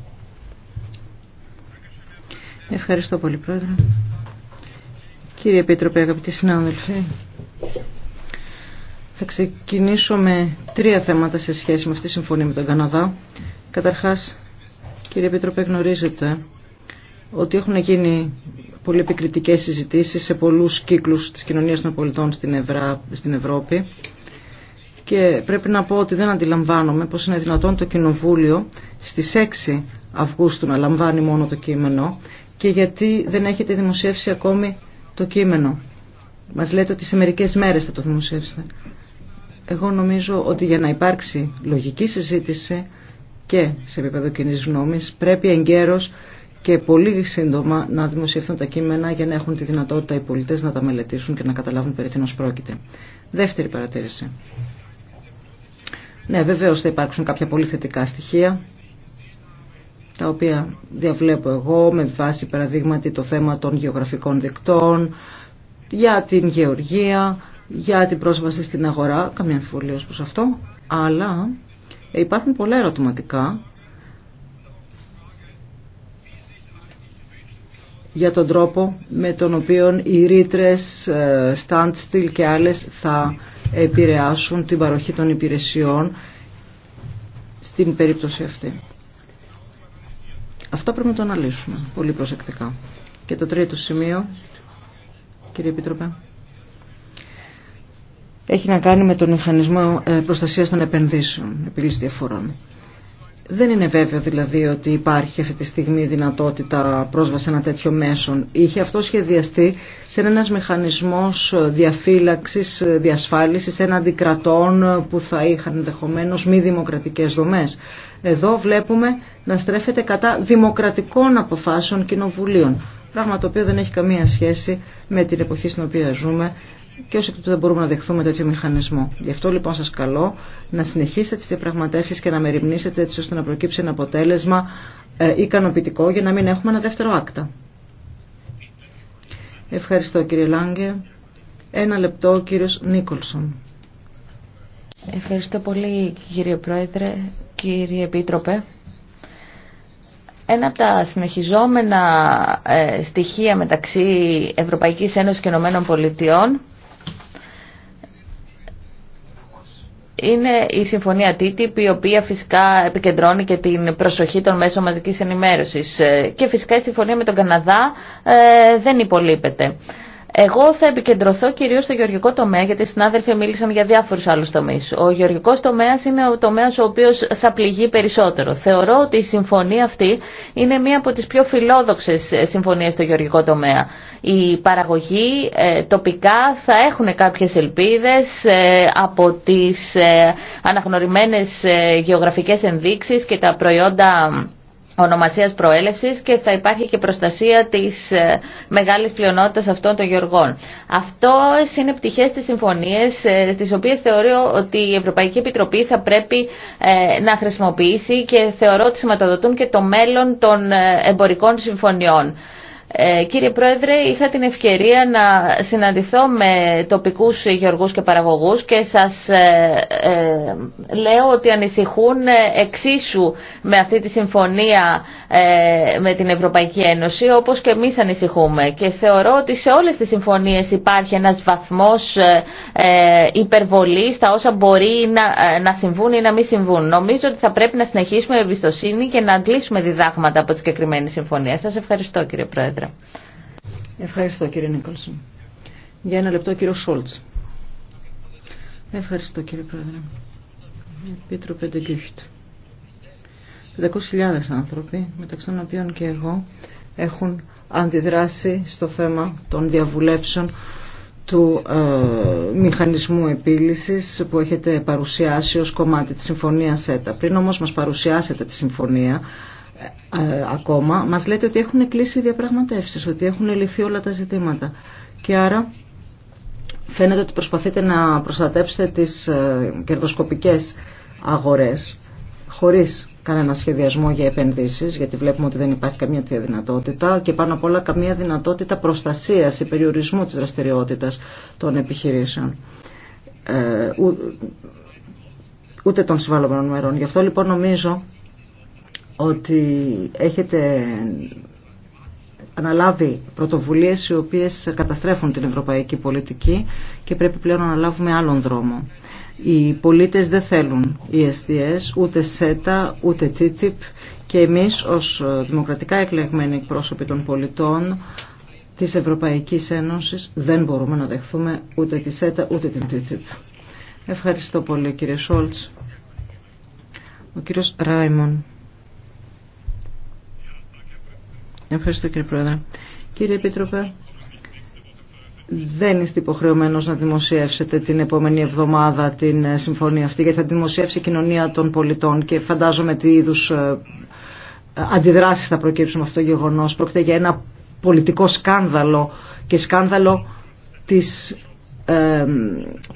Ευχαριστώ πολύ πρόεδρε. Κύριε Επίτροπε, αγαπητοί συνάδελφοι, θα ξεκινήσω με τρία θέματα σε σχέση με αυτή τη συμφωνία με τον Καναδά. Καταρχάς, κύριε Επίτροπε, γνωρίζετε ότι έχουν γίνει πολύ επικριτικές συζητήσεις σε πολλούς κύκλους της κοινωνίας των πολιτών στην, Ευρά, στην Ευρώπη και πρέπει να πω ότι δεν αντιλαμβάνομαι πως είναι δυνατόν το Κοινοβούλιο στις 6 Αυγούστου να λαμβάνει μόνο το κείμενο και γιατί δεν έχετε δημοσιεύσει ακόμη το κείμενο. Μας λέτε ότι σε μερικές μέρες θα το δημοσιεύσετε. Εγώ νομίζω ότι για να υπάρξει λογική συζήτηση και σε επίπεδο κοινή γνώμη πρέπει εγκαίρως και πολύ σύντομα να δημοσιευθούν τα κείμενα για να έχουν τη δυνατότητα οι πολίτες να τα μελετήσουν και να καταλάβουν περί τίνος πρόκειται. Δεύτερη παρατήρηση. Ναι, βεβαίω θα υπάρξουν κάποια πολύ θετικά στοιχεία τα οποία διαβλέπω εγώ με βάση παραδείγματι το θέμα των γεωγραφικών δικτών για την γεωργία, για την πρόσβαση στην αγορά, καμία αμφιβολία προς αυτό, αλλά ε, υπάρχουν πολλά ερωτηματικά για τον τρόπο με τον οποίο οι ρήτρε standstill και άλλες θα επηρεάσουν την παροχή των υπηρεσιών στην περίπτωση αυτή. Αυτό πρέπει να το αναλύσουμε πολύ προσεκτικά. Και το τρίτο σημείο, κύριε Επίτροπε, έχει να κάνει με τον μηχανισμό ε, προστασίας των επενδύσεων, επίλυση διαφορών. Δεν είναι βέβαιο δηλαδή ότι υπάρχει αυτή τη στιγμή δυνατότητα πρόσβαση σε ένα τέτοιο μέσο. Είχε αυτό σχεδιαστεί σε ένα μηχανισμό διαφύλαξη διασφάλιση έναντι κρατών που θα είχαν ενδεχομένω μη δημοκρατικέ δομέ. Εδώ βλέπουμε να στρέφεται κατά δημοκρατικών αποφάσεων κοινοβουλίων. Πράγμα το οποίο δεν έχει καμία σχέση με την εποχή στην οποία ζούμε και ως εκ τούτου δεν μπορούμε να δεχθούμε τέτοιο μηχανισμό. Γι' αυτό λοιπόν σας καλώ να συνεχίσετε τις διαπραγματεύσεις και να μεριμνήσετε έτσι ώστε να προκύψει ένα αποτέλεσμα ε, ικανοποιητικό για να μην έχουμε ένα δεύτερο άκτα. Ευχαριστώ κύριε Λάγκε. Ένα λεπτό ο κύριος Νίκολσον. Ευχαριστώ πολύ κύριε Πρόεδρε, κύριε Επίτροπε. Ένα από τα συνεχιζόμενα ε, στοιχεία μεταξύ Ευρωπαϊκής Ένωσης και Ηνωμένων Πολιτειών είναι η συμφωνία TTIP η οποία φυσικά επικεντρώνει και την προσοχή των μέσων μαζικής ενημέρωσης ε, και φυσικά η συμφωνία με τον Καναδά ε, δεν υπολείπεται. Εγώ θα επικεντρωθώ κυρίω στο γεωργικό τομέα, γιατί οι συνάδελφοι μίλησαν για διάφορου άλλου τομεί. Ο γεωργικός τομέας είναι ο τομέας ο οποίο θα πληγεί περισσότερο. Θεωρώ ότι η συμφωνία αυτή είναι μία από τις πιο φιλόδοξες ε, συμφωνίες στο γεωργικό τομέα. Οι παραγωγοί ε, τοπικά θα έχουν κάποιες ελπίδες ε, από τις αναγνωριμένες γεωγραφικέ ενδείξει και τα προϊόντα ονομασίας προέλευσης και θα υπάρχει και προστασία της ε, μεγάλης πλειονότητας αυτών των γεωργών. Αυτό είναι πτυχές της συμφωνίες, στις ε, οποίες θεωρώ ότι η Ευρωπαϊκή Επιτροπή θα πρέπει ε, να χρησιμοποιήσει και θεωρώ ότι σηματοδοτούν και το μέλλον των εμπορικών συμφωνιών. Ε, κύριε Πρόεδρε, είχα την ευκαιρία να συναντηθώ με τοπικούς γεωργούς και παραγωγούς και σας ε, ε, λέω ότι ανησυχούν εξίσου με αυτή τη συμφωνία με την Ευρωπαϊκή Ένωση όπως και εμείς ανησυχούμε και θεωρώ ότι σε όλες τις συμφωνίες υπάρχει ένας βαθμός υπερβολής στα όσα μπορεί να, συμβούν ή να μην συμβούν. Νομίζω ότι θα πρέπει να συνεχίσουμε εμπιστοσύνη και να αντλήσουμε διδάγματα από τη συγκεκριμένη συμφωνία. Σας ευχαριστώ κύριε Πρόεδρε. Ευχαριστώ κύριε Νίκολσον. Για ένα λεπτό κύριο Σόλτς. Ευχαριστώ κύριε Πρόεδρε. Επίτροπε Ντεγκούχιτ. 500.000 άνθρωποι, μεταξύ των οποίων και εγώ, έχουν αντιδράσει στο θέμα των διαβουλεύσεων του ε, μηχανισμού επίλυσης που έχετε παρουσιάσει ως κομμάτι της συμφωνίας ΣΕΤΑ. Πριν όμως μας παρουσιάσετε τη συμφωνία, ε, ε, ακόμα μας λέτε ότι έχουν κλείσει οι διαπραγματεύσεις, ότι έχουν λυθεί όλα τα ζητήματα. Και άρα φαίνεται ότι προσπαθείτε να προστατεύσετε τις ε, κερδοσκοπικές αγορές χωρίς κανένα σχεδιασμό για επενδύσεις, γιατί βλέπουμε ότι δεν υπάρχει καμία δυνατότητα και πάνω απ' όλα καμία δυνατότητα προστασίας ή περιορισμού της δραστηριότητας των επιχειρήσεων. Ε, ούτε των συμβάλλοντων μερών. Γι' αυτό λοιπόν νομίζω ότι έχετε αναλάβει πρωτοβουλίες οι οποίες καταστρέφουν την ευρωπαϊκή πολιτική και πρέπει πλέον να αναλάβουμε άλλον δρόμο. Οι πολίτες δεν θέλουν ESDS, ούτε ΣΕΤΑ, ούτε TTIP και εμείς ως δημοκρατικά εκλεγμένοι πρόσωποι των πολιτών της Ευρωπαϊκής Ένωσης δεν μπορούμε να δεχθούμε ούτε τη ΣΕΤΑ ούτε την TTIP. Ευχαριστώ πολύ κύριε Σόλτς. Ο κύριος Ράιμον. Ευχαριστώ κύριε Πρόεδρε. Κύριε Επίτροπε, δεν είστε υποχρεωμένο να δημοσιεύσετε την επόμενη εβδομάδα την ε, συμφωνία αυτή, γιατί θα δημοσιεύσει η κοινωνία των πολιτών και φαντάζομαι τι είδου ε, αντιδράσει θα προκύψουν με αυτό το γεγονό Πρόκειται για ένα πολιτικό σκάνδαλο και σκάνδαλο της ε,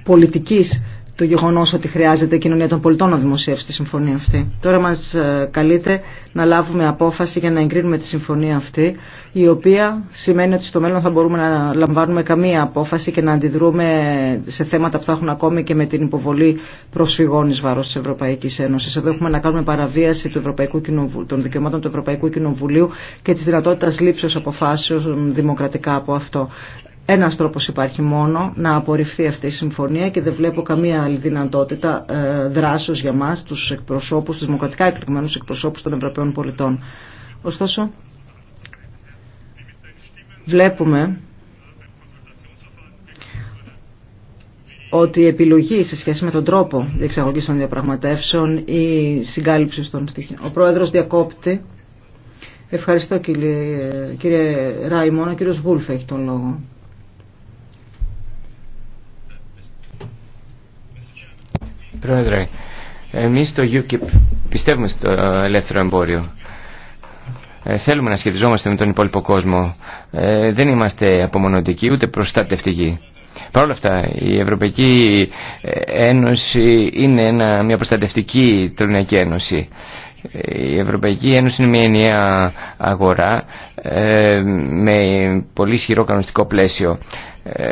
πολιτικής το γεγονό ότι χρειάζεται η κοινωνία των πολιτών να δημοσιεύσει τη συμφωνία αυτή. Τώρα μα ε, καλείται να λάβουμε απόφαση για να εγκρίνουμε τη συμφωνία αυτή, η οποία σημαίνει ότι στο μέλλον θα μπορούμε να λαμβάνουμε καμία απόφαση και να αντιδρούμε σε θέματα που θα έχουν ακόμη και με την υποβολή προσφυγών ει βάρο τη Ευρωπαϊκή Ένωση. Εδώ έχουμε να κάνουμε παραβίαση του Ευρωπαϊκού των δικαιωμάτων του Ευρωπαϊκού Κοινοβουλίου και τη δυνατότητα λήψεω αποφάσεων δημοκρατικά από αυτό. Ένας τρόπος υπάρχει μόνο, να απορριφθεί αυτή η συμφωνία και δεν βλέπω καμία άλλη δυνατότητα ε, δράσεως για μας, τους εκπροσώπους, τους δημοκρατικά εκλεγμένους εκπροσώπους των Ευρωπαίων πολιτών. Ωστόσο, βλέπουμε ότι η επιλογή σε σχέση με τον τρόπο διεξαγωγής των διαπραγματεύσεων ή συγκάλυψης των στοιχείων. Ο πρόεδρος διακόπτη. Ευχαριστώ κύριε, κύριε Ράιμον. Ο κύριος Βούλφ έχει τον λόγο. Πρόεδρε, εμείς στο UKIP πιστεύουμε στο ελεύθερο εμπόριο. Ε, θέλουμε να σχετιζόμαστε με τον υπόλοιπο κόσμο. Ε, δεν είμαστε απομονωτικοί ούτε προστατευτικοί. Παρ' όλα αυτά, η Ευρωπαϊκή ε, Ένωση είναι ένα, μια προστατευτική τρονιακή ένωση. Η Ευρωπαϊκή Ένωση είναι μια ενιαία αγορά ε, με πολύ ισχυρό κανονιστικό πλαίσιο. Ε,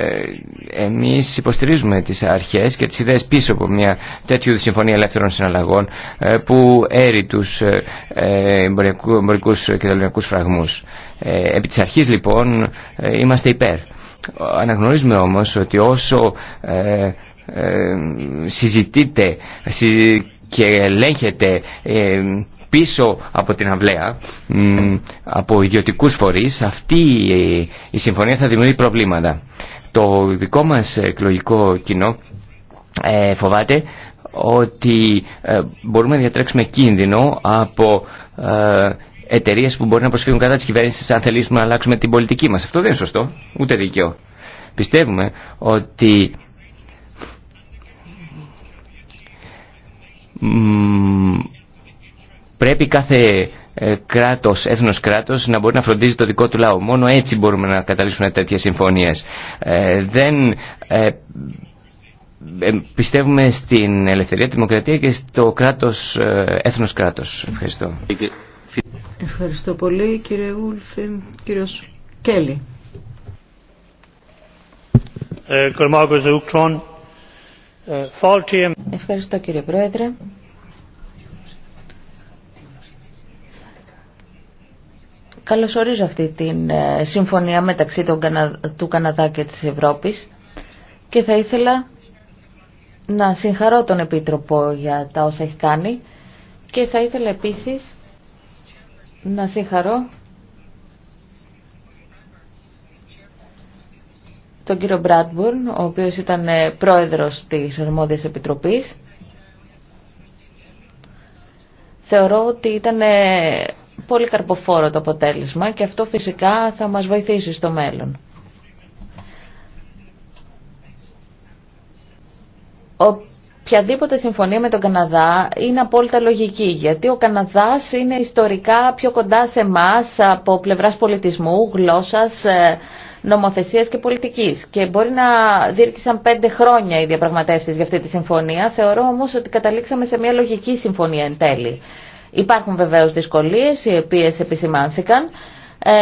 εμείς υποστηρίζουμε τις αρχές και τις ιδέες πίσω από μια τέτοιου συμφωνία ελεύθερων συναλλαγών ε, που έρει τους εμπορικούς και δολιακούς φραγμούς. Επί της αρχής λοιπόν είμαστε υπέρ. Αναγνωρίζουμε όμως ότι όσο συζητείτε και ελέγχεται πίσω από την αυλαία από ιδιωτικούς φορείς αυτή η συμφωνία θα δημιουργεί προβλήματα. Το δικό μας εκλογικό κοινό ε, φοβάται ότι ε, μπορούμε να διατρέξουμε κίνδυνο από ε, εταιρείες που μπορεί να προσφύγουν κατά τις κυβέρνηση αν θελήσουμε να αλλάξουμε την πολιτική μας. Αυτό δεν είναι σωστό, ούτε δίκαιο. Πιστεύουμε ότι πρέπει κάθε ε, κράτος, έθνος κράτος να μπορεί να φροντίζει το δικό του λαό. Μόνο έτσι μπορούμε να καταλήξουμε τέτοιες συμφωνίες. Ε, δεν ε, πιστεύουμε στην ελευθερία, τη δημοκρατία και στο κράτος, έθνος κράτος. Ευχαριστώ. Ευχαριστώ πολύ κύριε Ούλφη. Κύριος Κέλλη. Ευχαριστώ κύριε Πρόεδρε. Καλωσορίζω αυτή την ε, συμφωνία μεταξύ του Καναδά και της Ευρώπης και θα ήθελα να συγχαρώ τον Επίτροπο για τα όσα έχει κάνει και θα ήθελα επίσης να συγχαρώ τον κύριο Μπράτμπουρν, ο οποίος ήταν ε, πρόεδρος της Ορμόδιας Επιτροπής. Θεωρώ ότι ήταν ε, πολύ καρποφόρο το αποτέλεσμα και αυτό φυσικά θα μας βοηθήσει στο μέλλον. οποιαδήποτε συμφωνία με τον Καναδά είναι απόλυτα λογική, γιατί ο Καναδάς είναι ιστορικά πιο κοντά σε εμά από πλευράς πολιτισμού, γλώσσας, ε, Νομοθεσία και πολιτική. και μπορεί να διήρκησαν πέντε χρόνια οι διαπραγματεύσει για αυτή τη συμφωνία. Θεωρώ όμω ότι καταλήξαμε σε μια λογική συμφωνία εν τέλει. Υπάρχουν βεβαίω δυσκολίε οι οποίε επισημάνθηκαν ε,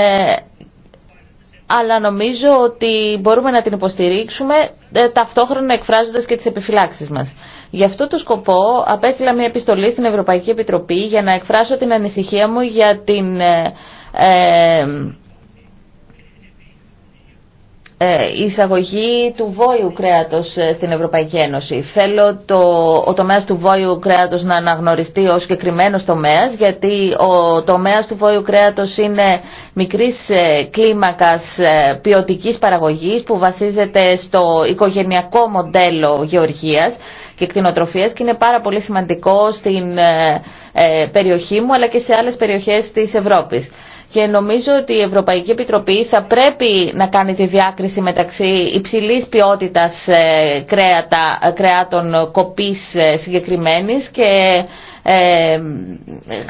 αλλά νομίζω ότι μπορούμε να την υποστηρίξουμε ε, ταυτόχρονα εκφράζοντα και τι επιφυλάξει μα. Γι' αυτό το σκοπό απέστειλα μια επιστολή στην Ευρωπαϊκή Επιτροπή για να εκφράσω την ανησυχία μου για την ε, ε ε, η εισαγωγή του βόηου κρέατος ε, στην Ευρωπαϊκή Ένωση. Θέλω το, ο τομέας του βόηου κρέατος να αναγνωριστεί ως συγκεκριμένο τομέας, γιατί ο τομέας του βόηου κρέατος είναι μικρής ε, κλίμακας ποιοτικής παραγωγής που βασίζεται στο οικογενειακό μοντέλο γεωργίας και κτηνοτροφίας και είναι πάρα πολύ σημαντικό στην περιοχή μου αλλά και σε άλλες περιοχές της Ευρώπης και νομίζω ότι η Ευρωπαϊκή Επιτροπή θα πρέπει να κάνει τη διάκριση μεταξύ υψηλής ποιότητας ε, κρέατα, ε, κρεάτων κοπής ε, συγκεκριμένης και ε,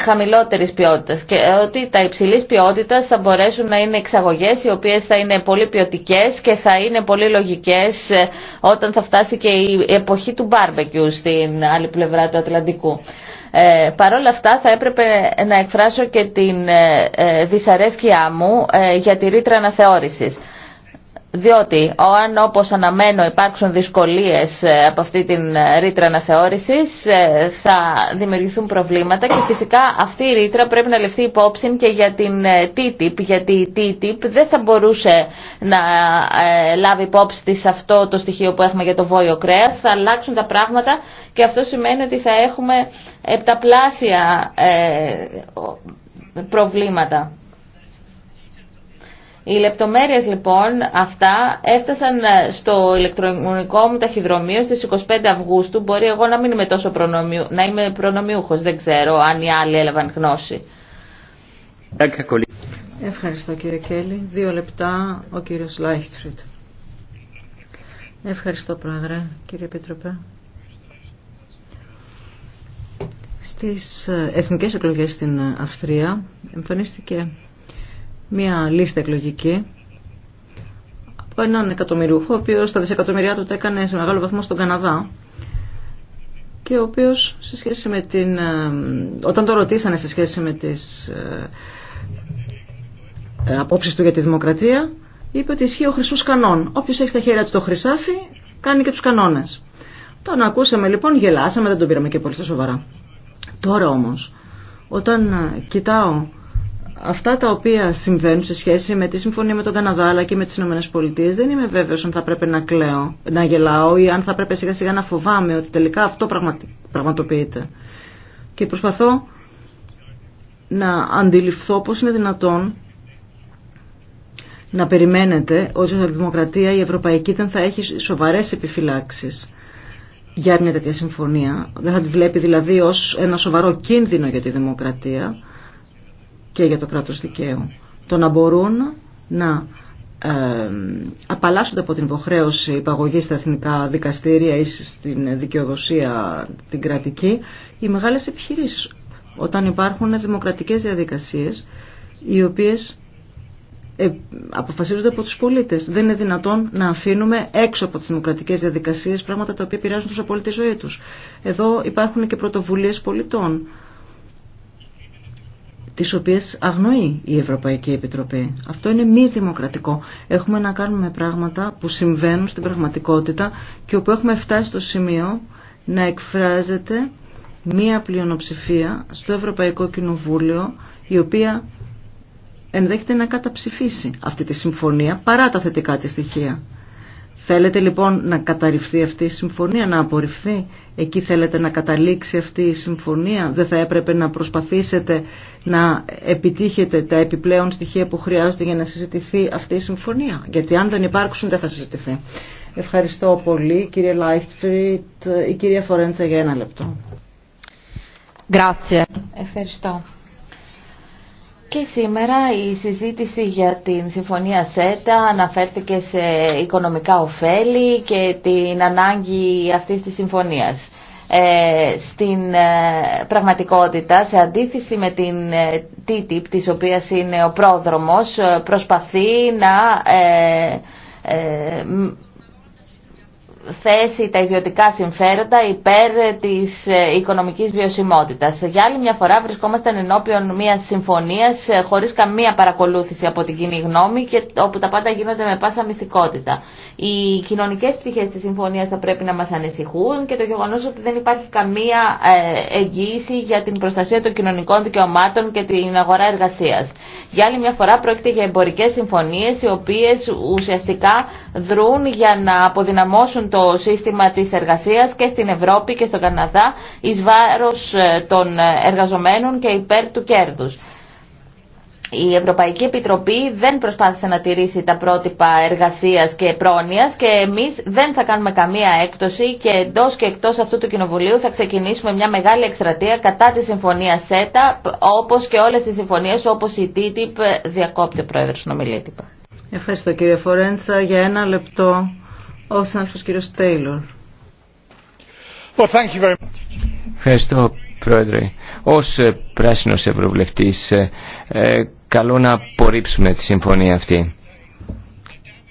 χαμηλότερης ποιότητας και ότι τα υψηλής ποιότητας θα μπορέσουν να είναι εξαγωγές οι οποίες θα είναι πολύ ποιοτικέ και θα είναι πολύ λογικές όταν θα φτάσει και η εποχή του μπάρμπεκιου στην άλλη πλευρά του Ατλαντικού. Ε, Παρ' όλα αυτά θα έπρεπε να εκφράσω και την ε, ε, δυσαρέσκειά μου ε, για τη ρήτρα αναθεώρησης διότι αν όπως αναμένω υπάρξουν δυσκολίες ε, από αυτή την ε, ρήτρα αναθεώρησης ε, θα δημιουργηθούν προβλήματα και φυσικά αυτή η ρήτρα πρέπει να λεφθεί υπόψη και για την TTIP γιατί η TTIP δεν θα μπορούσε να λάβει υπόψη της αυτό το στοιχείο που έχουμε για το βόλιο κρέας θα αλλάξουν τα πράγματα και αυτό σημαίνει ότι θα έχουμε επταπλάσια προβλήματα. Οι λεπτομέρειες λοιπόν αυτά έφτασαν ε, στο ηλεκτρονικό μου ταχυδρομείο στις 25 Αυγούστου. Μπορεί εγώ να μην είμαι τόσο να είμαι προνομιούχος, δεν ξέρω αν οι άλλοι έλαβαν γνώση. Ευχαριστώ κύριε Κέλλη. Δύο λεπτά ο κύριος Λάιχτφριντ. Ευχαριστώ πρόεδρε κύριε πίτροπε. Στις ε, εθνικές εκλογές στην Αυστρία εμφανίστηκε μια λίστα εκλογική από έναν εκατομμυριούχο, ο οποίος στα δισεκατομμυριά του τα έκανε σε μεγάλο βαθμό στον Καναδά και ο οποίος σε σχέση με την... Ε, όταν το ρωτήσανε σε σχέση με τις ε, ε, απόψεις του για τη δημοκρατία είπε ότι ισχύει ο χρυσούς κανόν. Όποιος έχει στα χέρια του το χρυσάφι κάνει και τους κανόνες. Τον ακούσαμε λοιπόν, γελάσαμε, δεν τον πήραμε και πολύ σοβαρά. Τώρα όμως, όταν κοιτάω αυτά τα οποία συμβαίνουν σε σχέση με τη συμφωνία με τον Καναδά αλλά και με τι ΗΠΑ δεν είμαι βέβαιο αν θα πρέπει να κλαίω, να γελάω ή αν θα πρέπει σιγά σιγά να φοβάμαι ότι τελικά αυτό πραγματι... πραγματοποιείται. Και προσπαθώ να αντιληφθώ πώς είναι δυνατόν να περιμένετε ότι η δημοκρατία η ευρωπαϊκή δεν θα έχει σοβαρέ επιφυλάξει για μια τέτοια συμφωνία. Δεν θα τη βλέπει δηλαδή ω ένα σοβαρό κίνδυνο για τη δημοκρατία και για το κράτος δικαίου. Το να μπορούν να ε, απαλλάσσονται από την υποχρέωση υπαγωγής στα εθνικά δικαστήρια ή στην δικαιοδοσία την κρατική οι μεγάλες επιχειρήσεις όταν υπάρχουν δημοκρατικές διαδικασίες οι οποίες ε, αποφασίζονται από τους πολίτες. Δεν είναι δυνατόν να αφήνουμε έξω από τις δημοκρατικές διαδικασίες πράγματα τα οποία πειράζουν τους τη ζωή τους. Εδώ υπάρχουν και πρωτοβουλίες πολιτών τις οποίες αγνοεί η Ευρωπαϊκή Επιτροπή. Αυτό είναι μη δημοκρατικό. Έχουμε να κάνουμε πράγματα που συμβαίνουν στην πραγματικότητα και όπου έχουμε φτάσει στο σημείο να εκφράζεται μία πλειονοψηφία στο Ευρωπαϊκό Κοινοβούλιο η οποία ενδέχεται να καταψηφίσει αυτή τη συμφωνία παρά τα θετικά της στοιχεία. Θέλετε λοιπόν να καταρριφθεί αυτή η συμφωνία, να απορριφθεί. Εκεί θέλετε να καταλήξει αυτή η συμφωνία. Δεν θα έπρεπε να προσπαθήσετε να επιτύχετε τα επιπλέον στοιχεία που χρειάζονται για να συζητηθεί αυτή η συμφωνία. Γιατί αν δεν υπάρξουν δεν θα συζητηθεί. Ευχαριστώ πολύ κύριε Λάιφτριτ. Η κυρία Φορέντσα για ένα λεπτό. Ευχαριστώ. Και σήμερα η συζήτηση για την Συμφωνία ΣΕΤΑ αναφέρθηκε σε οικονομικά ωφέλη και την ανάγκη αυτής της συμφωνίας. Ε, στην ε, πραγματικότητα, σε αντίθεση με την ε, TTIP, της οποίας είναι ο πρόδρομος, ε, προσπαθεί να θέσει τα ιδιωτικά συμφέροντα υπέρ της ε, οικονομικής βιωσιμότητας. Για άλλη μια φορά βρισκόμαστε ενώπιον μια συμφωνίας ε, χωρίς καμία παρακολούθηση από την κοινή γνώμη και όπου τα πάντα γίνονται με πάσα μυστικότητα. Οι κοινωνικές πτυχές της συμφωνίας θα πρέπει να μας ανησυχούν και το γεγονός ότι δεν υπάρχει καμία ε, εγγύηση για την προστασία των κοινωνικών δικαιωμάτων και την αγορά εργασίας. Για άλλη μια φορά πρόκειται για εμπορικές συμφωνίες οι οποίες ουσιαστικά δρούν για να αποδυναμώσουν το σύστημα της εργασίας και στην Ευρώπη και στον Καναδά εις βάρος ε, των ε, εργαζομένων και υπέρ του κέρδους. Η Ευρωπαϊκή Επιτροπή δεν προσπάθησε να τηρήσει τα πρότυπα εργασίας και πρόνοιας και εμείς δεν θα κάνουμε καμία έκπτωση και εντός και εκτός αυτού του κοινοβουλίου θα ξεκινήσουμε μια μεγάλη εκστρατεία κατά τη συμφωνία ΣΕΤΑ όπως και όλες τις συμφωνίες όπως η TTIP διακόπτει ο Πρόεδρος Νομιλίτυπα. Ευχαριστώ κύριε Φορέντσα για ένα λεπτό ο Σάνφος κύριος Τέιλορ. Ευχαριστώ Πρόεδρε. Ως ε, πράσινος ευρωβουλευτής ε, ε, καλό να απορρίψουμε τη συμφωνία αυτή.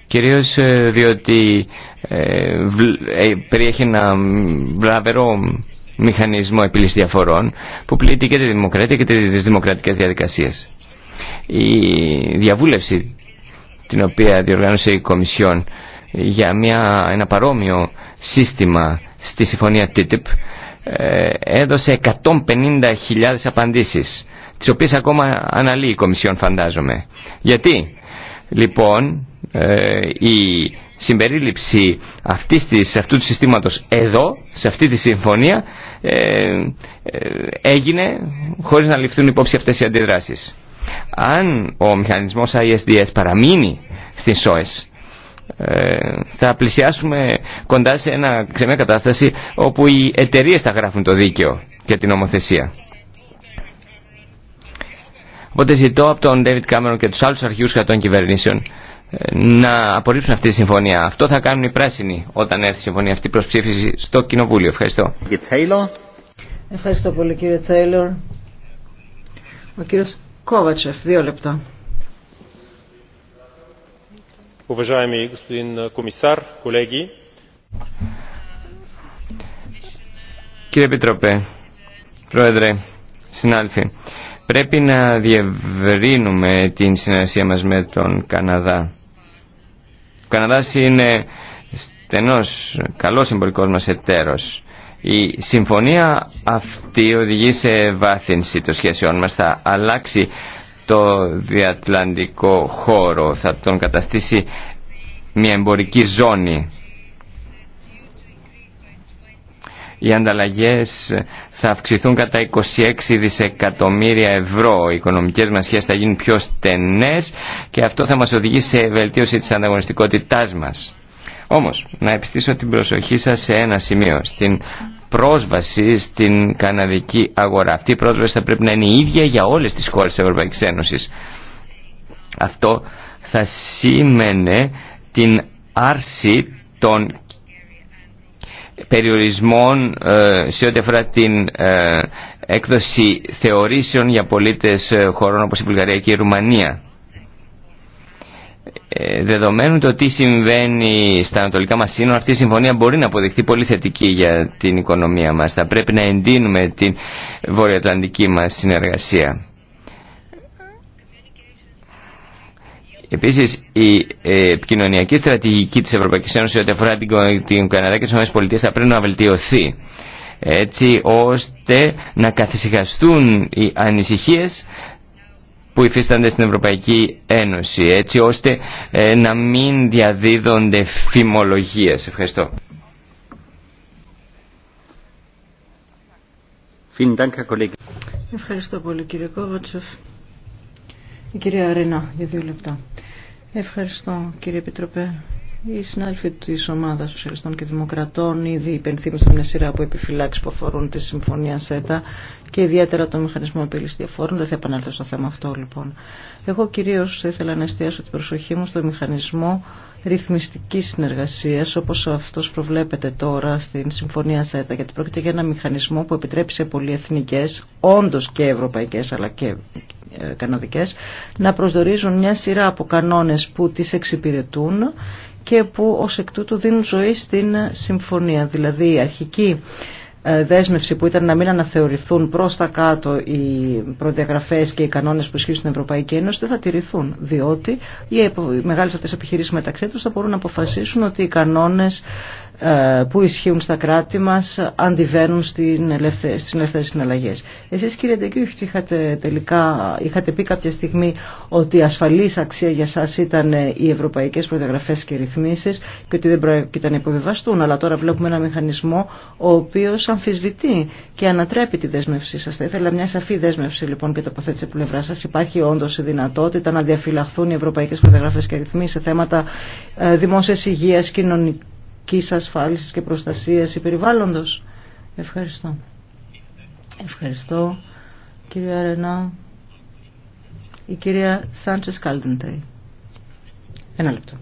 Κυρίως διότι ε, περιέχει ένα βλαβερό μηχανισμό επίλυσης διαφορών που πλήττει και τη δημοκρατία και τις δημοκρατικές διαδικασίες. Η διαβούλευση την οποία διοργάνωσε η Κομισιόν για μια, ένα παρόμοιο σύστημα στη συμφωνία TTIP ε, έδωσε 150.000 απαντήσεις τις οποίες ακόμα αναλύει η Κομισιόν φαντάζομαι. Γιατί λοιπόν ε, η συμπερίληψη αυτής της, αυτού του συστήματος εδώ, σε αυτή τη συμφωνία ε, έγινε χωρίς να ληφθούν υπόψη αυτές οι αντιδράσεις. Αν ο μηχανισμός ISDS παραμείνει στην ΣΟΕΣ ε, θα πλησιάσουμε κοντά σε, ένα, σε μια κατάσταση όπου οι εταιρείε θα γράφουν το δίκαιο και την νομοθεσία. Οπότε ζητώ από τον David Cameron και τους άλλους αρχηγούς κρατών κυβερνήσεων ε, να απορρίψουν αυτή τη συμφωνία. Αυτό θα κάνουν οι πράσινοι όταν έρθει η συμφωνία αυτή προς ψήφιση στο Κοινοβούλιο. Ευχαριστώ. Ευχαριστώ πολύ κύριε Τέιλορ. Ο κύριος Κόβατσεφ, δύο λεπτά уважаеми господин Κύριε Επιτροπέ, Πρόεδρε, συνάλφοι, πρέπει να διευρύνουμε την συνεργασία μας με τον Καναδά. Ο Καναδάς είναι στενός, καλός εμπορικός μας εταίρος. Η συμφωνία αυτή οδηγεί σε βάθυνση των σχέσεων μας. Θα αλλάξει το διατλαντικό χώρο, θα τον καταστήσει μια εμπορική ζώνη. Οι ανταλλαγές θα αυξηθούν κατά 26 δισεκατομμύρια ευρώ. Οι οικονομικές μας σχέσεις θα γίνουν πιο στενές και αυτό θα μας οδηγήσει σε βελτίωση της ανταγωνιστικότητάς μας. Όμως, να επιστήσω την προσοχή σας σε ένα σημείο, στην πρόσβαση στην καναδική αγορά. Αυτή η πρόσβαση θα πρέπει να είναι η ίδια για όλες τις χώρες της Ευρωπαϊκής Ένωσης. Αυτό θα σήμαινε την άρση των περιορισμών ε, σε ό,τι αφορά την ε, έκδοση θεωρήσεων για πολίτες ε, χωρών όπως η Βουλγαρία και η Ρουμανία. Ε, δεδομένου το τι συμβαίνει στα ανατολικά μας σύνορα, αυτή η συμφωνία μπορεί να αποδειχθεί πολύ θετική για την οικονομία μας. Θα πρέπει να εντείνουμε την βορειοατλαντική μας συνεργασία. Επίσης, η ε, επικοινωνιακή στρατηγική της Ευρωπαϊκής Ένωσης ό,τι αφορά την Καναδά και τις ΗΠΑ θα πρέπει να βελτιωθεί έτσι ώστε να καθησυχαστούν οι ανησυχίες που υφίστανται στην Ευρωπαϊκή Ένωση, έτσι ώστε ε, να μην διαδίδονται φημολογίες. Ευχαριστώ. Ευχαριστώ πολύ κύριε Κόβατσοφ. Η κυρία Αρένα για δύο λεπτά. Ευχαριστώ κύριε Επιτροπέ οι συνάδελφοι τη ομάδα Σοσιαλιστών και Δημοκρατών ήδη υπενθύμησαν μια σειρά από επιφυλάξει που αφορούν τη συμφωνία ΣΕΤΑ και ιδιαίτερα το μηχανισμό απειλή διαφόρων. Δεν θα επανέλθω στο θέμα αυτό λοιπόν. Εγώ κυρίω ήθελα να εστιάσω την προσοχή μου στο μηχανισμό ρυθμιστική συνεργασία όπω αυτό προβλέπεται τώρα στην συμφωνία ΣΕΤΑ. Γιατί πρόκειται για ένα μηχανισμό που επιτρέπει σε πολυεθνικέ, όντω και ευρωπαϊκέ αλλά και ε, καναδικέ, να προσδορίζουν μια σειρά από κανόνε που τι εξυπηρετούν και που ως εκ τούτου δίνουν ζωή στην συμφωνία. Δηλαδή η αρχική ε, δέσμευση που ήταν να μην αναθεωρηθούν προς τα κάτω οι προδιαγραφές και οι κανόνες που ισχύουν στην Ευρωπαϊκή Ένωση δεν θα τηρηθούν διότι οι μεγάλες αυτές επιχειρήσεις μεταξύ τους θα μπορούν να αποφασίσουν ότι οι κανόνες ε, που ισχύουν στα κράτη μας αντιβαίνουν στην ελεύθερε στις ελεύθερες Εσείς κύριε Ντεκιούχης είχατε, είχατε πει κάποια στιγμή ότι ασφαλής αξία για σας ήταν οι ευρωπαϊκές προδιαγραφές και ρυθμίσεις και ότι δεν πρόκειται να υποβιβαστούν, αλλά τώρα βλέπουμε ένα μηχανισμό ο οποίος αμφισβητεί και ανατρέπει τη δέσμευσή σας. Θα ήθελα μια σαφή δέσμευση λοιπόν και τοποθέτηση από πλευρά σας. Υπάρχει όντως η δυνατότητα να διαφυλαχθούν οι ευρωπαϊκές προδιαγραφές και ρυθμίσεις σε θέματα ε, δημόσιας υγείας, κοινωνική κοινωνικής ασφάλισης και προστασίας ή περιβάλλοντος. Ευχαριστώ. Ευχαριστώ κυρία Ρενά. Η ευχαριστω Σάντσες Καλντεντέη. Ένα λεπτό.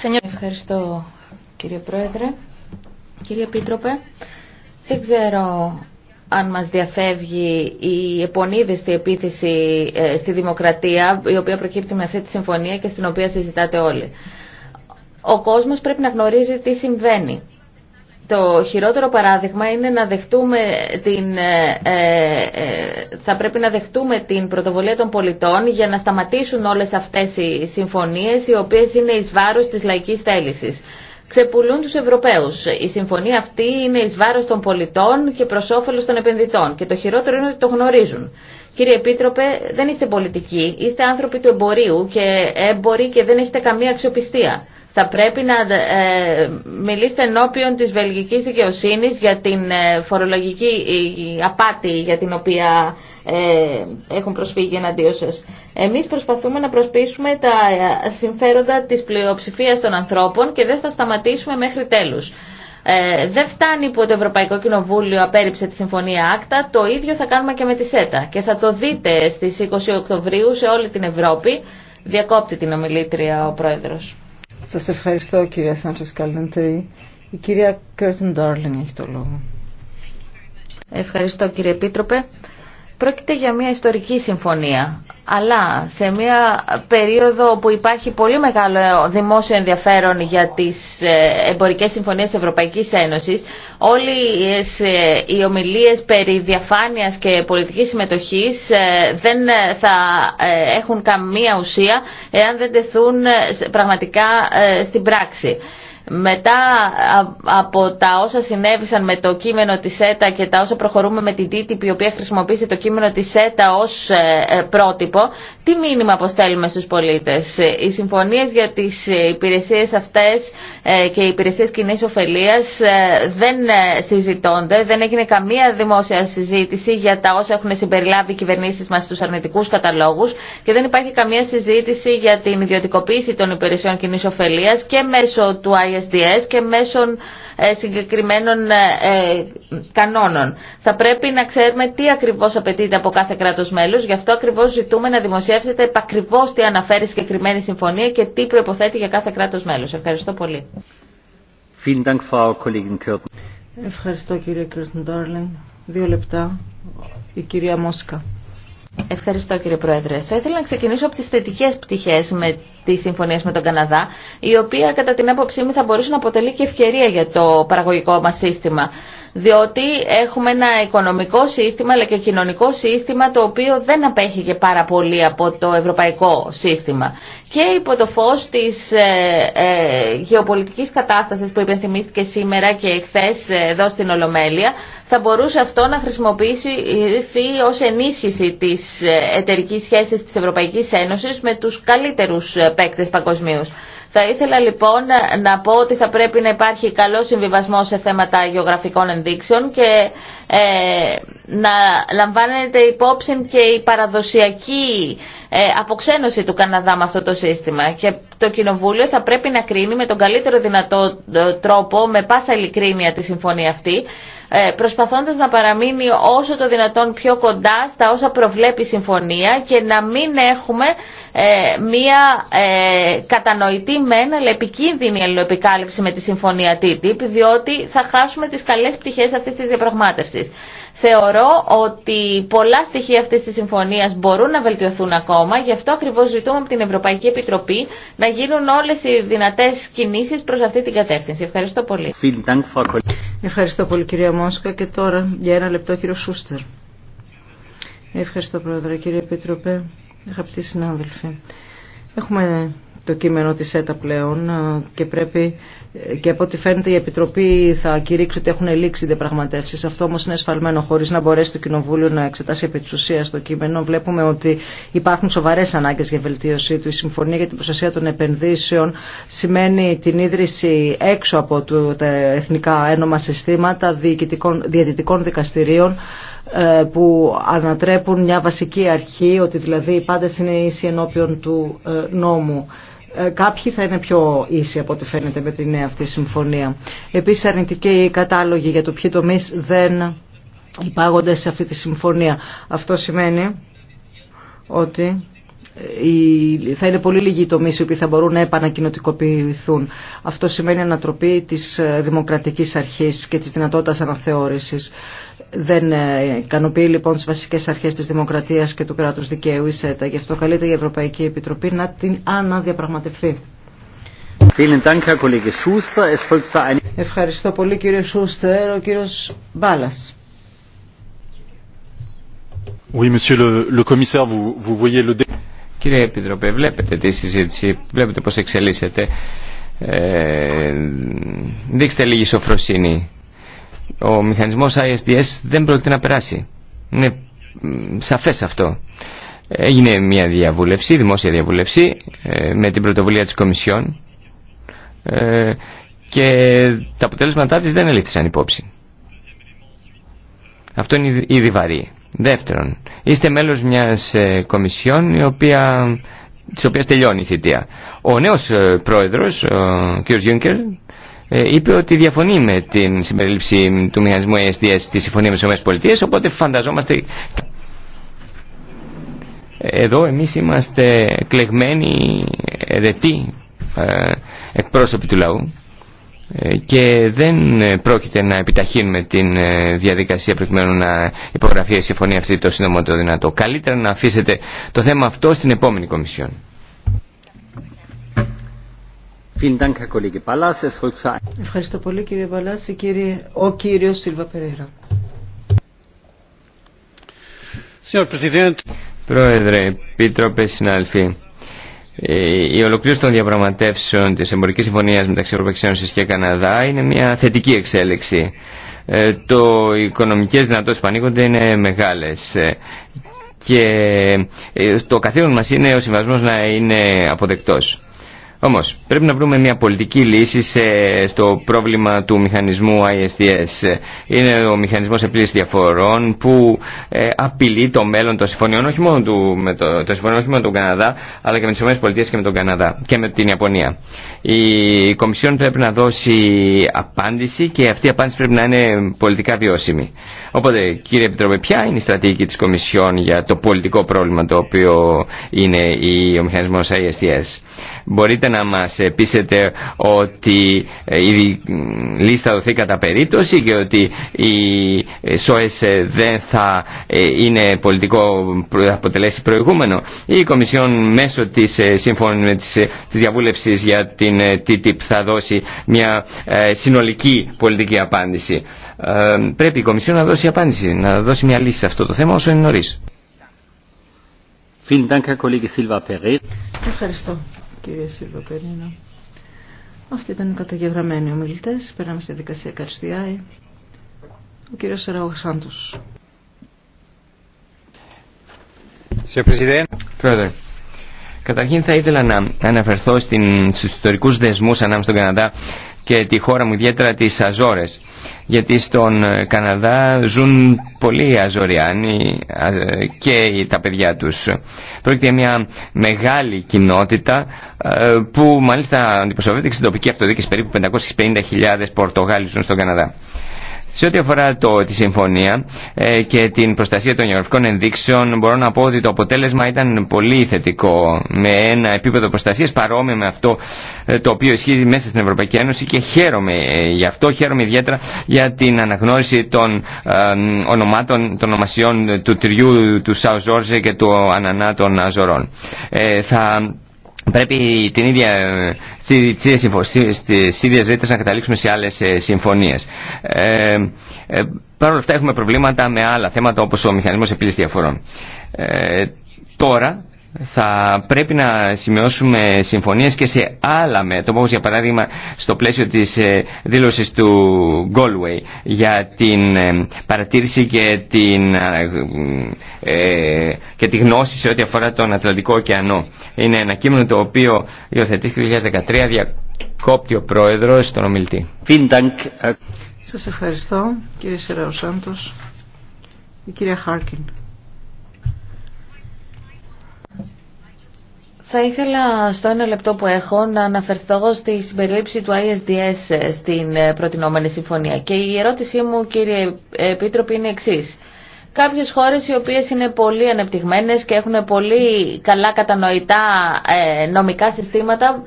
καλτεντει ενα κύριε Πρόεδρε. Κύριε Πίτροπε, δεν ξέρω αν μας διαφεύγει η επονίδιστη επίθεση ε, στη δημοκρατία, η οποία προκύπτει με αυτή τη συμφωνία και στην οποία συζητάτε όλοι. Ο κόσμος πρέπει να γνωρίζει τι συμβαίνει. Το χειρότερο παράδειγμα είναι να δεχτούμε την, ε, ε, θα πρέπει να δεχτούμε την πρωτοβουλία των πολιτών για να σταματήσουν όλες αυτές οι συμφωνίες οι οποίες είναι εις βάρος της λαϊκής θέλησης ξεπουλούν τους Ευρωπαίους. Η συμφωνία αυτή είναι εις βάρος των πολιτών και προς όφελος των επενδυτών και το χειρότερο είναι ότι το γνωρίζουν. Κύριε Επίτροπε, δεν είστε πολιτικοί, είστε άνθρωποι του εμπορίου και έμποροι και δεν έχετε καμία αξιοπιστία. Θα πρέπει να ε, μιλήσετε ενώπιον της βελγικής δικαιοσύνης για την ε, φορολογική απάτη για την οποία ε, έχουν προσφύγει εναντίον σας. Εμείς προσπαθούμε να προσπίσουμε τα ε, συμφέροντα της πλειοψηφίας των ανθρώπων και δεν θα σταματήσουμε μέχρι τέλους. Ε, δεν φτάνει που το Ευρωπαϊκό Κοινοβούλιο απέρριψε τη Συμφωνία Άκτα, το ίδιο θα κάνουμε και με τη ΣΕΤΑ. Και θα το δείτε στις 20 Οκτωβρίου σε όλη την Ευρώπη. Διακόπτει την ομιλήτρια ο Πρόεδρος. Σας ευχαριστώ κυρία Σάντρες Καλεντρή. Η κυρία Κέρτιν Ντόρλινγκ έχει το λόγο. Ευχαριστώ κύριε Επίτροπε. Πρόκειται για μια ιστορική συμφωνία, αλλά σε μια περίοδο που υπάρχει πολύ μεγάλο δημόσιο ενδιαφέρον για τις ε, εμπορικές συμφωνίες Ευρωπαϊκής Ένωσης, όλες ε, οι ομιλίες περί διαφάνειας και πολιτικής συμμετοχής ε, δεν θα έχουν καμία ουσία εάν δεν τεθούν πραγματικά στην πράξη. Μετά από τα όσα συνέβησαν με το κείμενο της ΣΕΤΑ και τα όσα προχωρούμε με την TTIP η οποία χρησιμοποίησε το κείμενο της ΣΕΤΑ ως ε, ε, πρότυπο, τι μήνυμα αποστέλουμε στους πολίτες. Οι συμφωνίες για τις υπηρεσίες αυτές ε, και οι υπηρεσίες κοινή ωφελία δεν συζητώνται, δεν έγινε καμία δημόσια συζήτηση για τα όσα έχουν συμπεριλάβει οι κυβερνήσει μα στου αρνητικού καταλόγου και δεν υπάρχει καμία συζήτηση για την ιδιωτικοποίηση των υπηρεσιών κοινή ωφελία και μέσω του και μέσω ε, συγκεκριμένων ε, ε, κανόνων. Θα πρέπει να ξέρουμε τι ακριβώς απαιτείται από κάθε κράτος μέλος, γι' αυτό ακριβώς ζητούμε να δημοσιεύσετε ακριβώ τι αναφέρει συγκεκριμένη συμφωνία και τι προϋποθέτει για κάθε κράτος μέλος. Ευχαριστώ πολύ. Ευχαριστώ κύριε Κρίστον Δύο λεπτά. Η κυρία Μόσκα. Ευχαριστώ κύριε Πρόεδρε. Θα ήθελα να ξεκινήσω από τις θετικέ πτυχές με τη συμφωνία με τον Καναδά, η οποία κατά την άποψή μου θα μπορούσε να αποτελεί και ευκαιρία για το παραγωγικό μας σύστημα διότι έχουμε ένα οικονομικό σύστημα αλλά και κοινωνικό σύστημα το οποίο δεν απέχει και πάρα πολύ από το ευρωπαϊκό σύστημα. Και υπό το φως της ε, ε, γεωπολιτικής κατάστασης που υπενθυμίστηκε σήμερα και χθε ε, εδώ στην Ολομέλεια θα μπορούσε αυτό να χρησιμοποιήσει ως ενίσχυση της ε, εταιρικής σχέσης της Ευρωπαϊκής Ένωσης με τους καλύτερους ε, παίκτες παγκοσμίου. Θα ήθελα λοιπόν να πω ότι θα πρέπει να υπάρχει καλό συμβιβασμό σε θέματα γεωγραφικών ενδείξεων και ε, να λαμβάνεται υπόψη και η παραδοσιακή ε, αποξένωση του Καναδά με αυτό το σύστημα. Και το Κοινοβούλιο θα πρέπει να κρίνει με τον καλύτερο δυνατό ε, τρόπο, με πάσα ειλικρίνεια τη συμφωνία αυτή, ε, προσπαθώντας να παραμείνει όσο το δυνατόν πιο κοντά στα όσα προβλέπει η συμφωνία και να μην έχουμε ε, μία ε, κατανοητή μεν αλλά επικίνδυνη αλληλοεπικάλυψη με τη συμφωνία TTIP διότι θα χάσουμε τις καλές πτυχές αυτής της διαπραγμάτευσης. Θεωρώ ότι πολλά στοιχεία αυτής της συμφωνίας μπορούν να βελτιωθούν ακόμα, γι' αυτό ακριβώς ζητούμε από την Ευρωπαϊκή Επιτροπή να γίνουν όλες οι δυνατές κινήσεις προς αυτή την κατεύθυνση. Ευχαριστώ πολύ. Ευχαριστώ πολύ κυρία Μόσκα και τώρα για ένα λεπτό κύριο Σούστερ. Ευχαριστώ πρόεδρε κύριε Επιτροπέ αγαπητοί συνάδελφοι. Έχουμε το κείμενο της ΕΤΑ πλέον ε, και πρέπει ε, και από ό,τι φαίνεται η Επιτροπή θα κηρύξει ότι έχουν λήξει οι διαπραγματεύσει. Αυτό όμω είναι εσφαλμένο χωρί να μπορέσει το Κοινοβούλιο να εξετάσει επί τη ουσία το κείμενο. Βλέπουμε ότι υπάρχουν σοβαρέ ανάγκε για βελτίωσή του. Η Συμφωνία για την Προστασία των Επενδύσεων σημαίνει την ίδρυση έξω από τα εθνικά ένομα συστήματα διαιτητικών δικαστηρίων ε, που ανατρέπουν μια βασική αρχή ότι δηλαδή οι πάντες είναι ίσοι ενώπιον του ε, νόμου. Ε, κάποιοι θα είναι πιο ίσοι από ό,τι φαίνεται με τη νέα αυτή συμφωνία. Επίσης αρνητικοί οι κατάλογοι για το ποιοι τομείς δεν υπάγονται σε αυτή τη συμφωνία. Αυτό σημαίνει ότι θα είναι πολύ λίγοι οι τομείς οι οποίοι θα μπορούν να επανακοινωτικοποιηθούν. Αυτό σημαίνει ανατροπή της δημοκρατικής αρχής και της δυνατότητας αναθεώρησης δεν ε, ικανοποιεί λοιπόν τις βασικές αρχές της δημοκρατίας και του κράτους δικαίου η ΣΕΤΑ. Γι' αυτό καλείται η Ευρωπαϊκή Επιτροπή να την αναδιαπραγματευτεί. Ευχαριστώ πολύ κύριε Σούστερ. Ο κύριος Μπάλας. Κύριε Επιτροπέ, βλέπετε τη συζήτηση, βλέπετε πώς εξελίσσεται. Ε, δείξτε λίγη σοφροσύνη ο μηχανισμός ISDS δεν πρόκειται να περάσει. Είναι σαφές αυτό. Έγινε μια διαβούλευση, δημόσια διαβούλευση, ε, με την πρωτοβουλία της Κομισιόν ε, και τα αποτελέσματά της δεν ελήφθησαν υπόψη. Αυτό είναι ήδη βαρύ. Δεύτερον, είστε μέλος μιας ε, Κομισιόν η οποία, της οποίας τελειώνει η θητεία. Ο νέος πρόεδρος, ο κ. Γιούνκερ, ε, είπε ότι διαφωνεί με την συμπερίληψη του μηχανισμού ASDS στη Συμφωνία με τις Πολιτείες, οπότε φανταζόμαστε... Εδώ εμείς είμαστε κλεγμένοι ερετοί ε, εκπρόσωποι του λαού ε, και δεν πρόκειται να επιταχύνουμε την διαδικασία προκειμένου να υπογραφεί η συμφωνία αυτή το σύντομο το δυνατό. Καλύτερα να αφήσετε το θέμα αυτό στην επόμενη Κομισιόν. Ευχαριστώ πολύ κύριε Παλάση. Κύριε... Ο κύριος Σίλβα Περέρα. Πρόεδρε, Επίτροπε, συνάδελφοι. Η ολοκλήρωση των διαπραγματεύσεων της εμπορικής συμφωνίας μεταξύ Ευρωπαϊκής Ένωσης και Καναδά είναι μια θετική εξέλιξη. Ε, το οι οικονομικές δυνατότητες που ανήκονται είναι μεγάλες ε, και ε, το καθήκον μας είναι ο συμβασμός να είναι αποδεκτός. Όμω πρέπει να βρούμε μια πολιτική λύση σε, στο πρόβλημα του μηχανισμού ISDS. Είναι ο μηχανισμό επίλυση διαφορών που ε, απειλεί το μέλλον των συμφωνιών όχι μόνο, του, με, το, το όχι μόνο τον Καναδά αλλά και με τι ΗΠΑ και με τον Καναδά και με την Ιαπωνία. Η, Κομισιόν πρέπει να δώσει απάντηση και αυτή η απάντηση πρέπει να είναι πολιτικά βιώσιμη. Οπότε κύριε Επιτροπέ ποια είναι η στρατηγική τη Κομισιόν για το πολιτικό πρόβλημα το οποίο είναι ο μηχανισμό ISDS. Μπορείτε να μας πείσετε ότι ε, η λίστα δοθεί κατά περίπτωση και ότι η ε, ΣΟΕΣ ε, δεν θα είναι πολιτικό, θα αποτελέσει προηγούμενο. Η Κομισιόν μέσω της σύμφωνα της, διαβούλευσης για την TTIP θα δώσει μια συνολική πολιτική απάντηση. Πρέπει η Κομισιόν να δώσει απάντηση, να δώσει μια λύση σε αυτό το θέμα όσο είναι νωρίς κυρία Σίλβα Αυτοί ήταν οι καταγεγραμμένοι ομιλητέ. Περνάμε στη δικασία Καρστιάη. Ο κύριο Σεράου Σάντο. Πρόεδρε, καταρχήν θα ήθελα να αναφερθώ στου ιστορικού δεσμού ανάμεσα στον Καναδά και τη χώρα μου, ιδιαίτερα τις Αζόρες. Γιατί στον ε, Καναδά ζουν πολλοί Αζοριάνοι και τα παιδιά τους. Πρόκειται για μια μεγάλη κοινότητα ε, που μάλιστα αντιπροσωπεύεται στην τοπική αυτοδίκηση περίπου 550.000 Πορτογάλοι ζουν στον Καναδά. Σε ό,τι αφορά το, τη συμφωνία ε, και την προστασία των γεωγραφικών ενδείξεων, μπορώ να πω ότι το αποτέλεσμα ήταν πολύ θετικό, με ένα επίπεδο προστασίας παρόμοιο με αυτό ε, το οποίο ισχύει μέσα στην Ευρωπαϊκή Ένωση και χαίρομαι ε, γι' αυτό, χαίρομαι ιδιαίτερα για την αναγνώριση των ε, ονομάτων, των ονομασιών του Τριού, του Σαουζόρζε και του Ανανά των Αζωρών πρέπει την ίδια, ε, στις ίδιες ζήτητες να καταλήξουμε σε άλλες ε, συμφωνίες. Ε, ε, Παρ' όλα αυτά έχουμε προβλήματα με άλλα θέματα όπως ο μηχανισμός επίλυσης διαφορών. τώρα θα πρέπει να σημειώσουμε συμφωνίες και σε άλλα μέτωπα, όπως για παράδειγμα στο πλαίσιο της ε, δήλωσης του Galway για την ε, παρατήρηση και, την, ε, και τη γνώση σε ό,τι αφορά τον Ατλαντικό ωκεανό. Είναι ένα κείμενο το οποίο υιοθετήθηκε το 2013 διακόπτει ο Πρόεδρος στον ομιλητή. Σας ευχαριστώ κύριε Σεραοσάντος Η κυρία Χάρκιν. Θα ήθελα στο ένα λεπτό που έχω να αναφερθώ στη συμπερίληψη του ISDS στην ε, προτινόμενη συμφωνία. Και η ερώτησή μου, κύριε Επίτροπη, είναι εξής. Κάποιες χώρες οι οποίες είναι πολύ ανεπτυγμένες και έχουν πολύ καλά κατανοητά ε, νομικά συστήματα,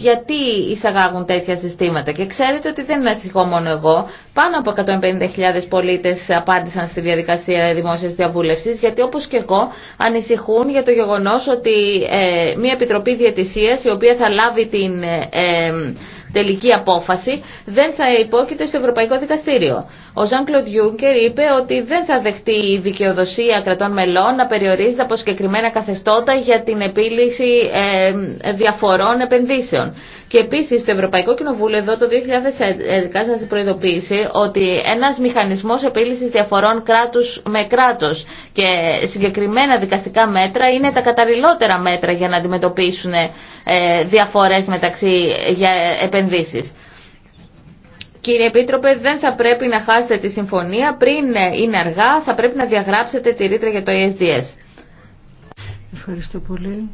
γιατί εισαγάγουν τέτοια συστήματα. Και ξέρετε ότι δεν ασυχώ μόνο εγώ. Πάνω από 150.000 πολίτες απάντησαν στη διαδικασία δημόσιας διαβούλευσης, γιατί όπως και εγώ ανησυχούν για το γεγονός ότι ε, μια επιτροπή διατησία, η οποία θα λάβει την ε, τελική απόφαση δεν θα υπόκειται στο Ευρωπαϊκό Δικαστήριο. Ο Ζαν Κλοντ Γιούγκερ είπε ότι δεν θα δεχτεί η δικαιοδοσία κρατών μελών να περιορίζεται από συγκεκριμένα καθεστώτα για την επίλυση ε, διαφορών επενδύσεων. Και επίση το Ευρωπαϊκό Κοινοβούλιο εδώ το 2011 σα προειδοποίησε ότι ένα μηχανισμό επίλυση διαφορών κράτου με κράτο και συγκεκριμένα δικαστικά μέτρα είναι τα καταλληλότερα μέτρα για να αντιμετωπίσουν ε, διαφορέ μεταξύ επενδύσεων επενδύσεις. Κύριε Επίτροπε, δεν θα πρέπει να χάσετε τη συμφωνία. Πριν είναι αργά, θα πρέπει να διαγράψετε τη ρήτρα για το ESDS. Ευχαριστώ πολύ.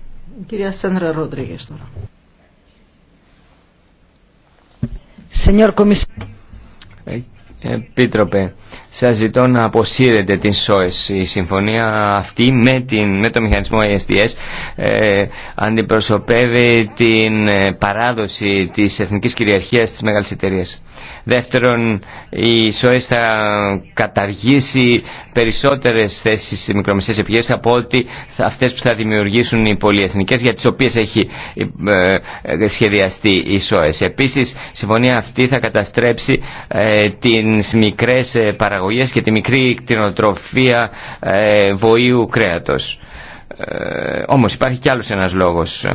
κυρία Σέντρα Ρόντριγες τώρα. Ε, Επίτροπε, σας ζητώ να αποσύρετε την ΣΟΕΣ. Η συμφωνία αυτή με, την, με το μηχανισμό ISDS ε, αντιπροσωπεύει την ε, παράδοση της εθνικής κυριαρχίας της μεγάλης εταιρείας. Δεύτερον, η ΣΟΕΣ θα καταργήσει περισσότερες θέσεις σε μικρομεσαίες επιχειρήσεις από ότι αυτές που θα δημιουργήσουν οι πολυεθνικές για τις οποίες έχει ε, ε, σχεδιαστεί η ΣΟΕΣ. Επίσης, η συμφωνία αυτή θα καταστρέψει ε, τις μικρές ε, παραγωγές και τη μικρή κτηνοτροφία ε, βοήου κρέατος. όμως υπάρχει κι άλλος ένας λόγος.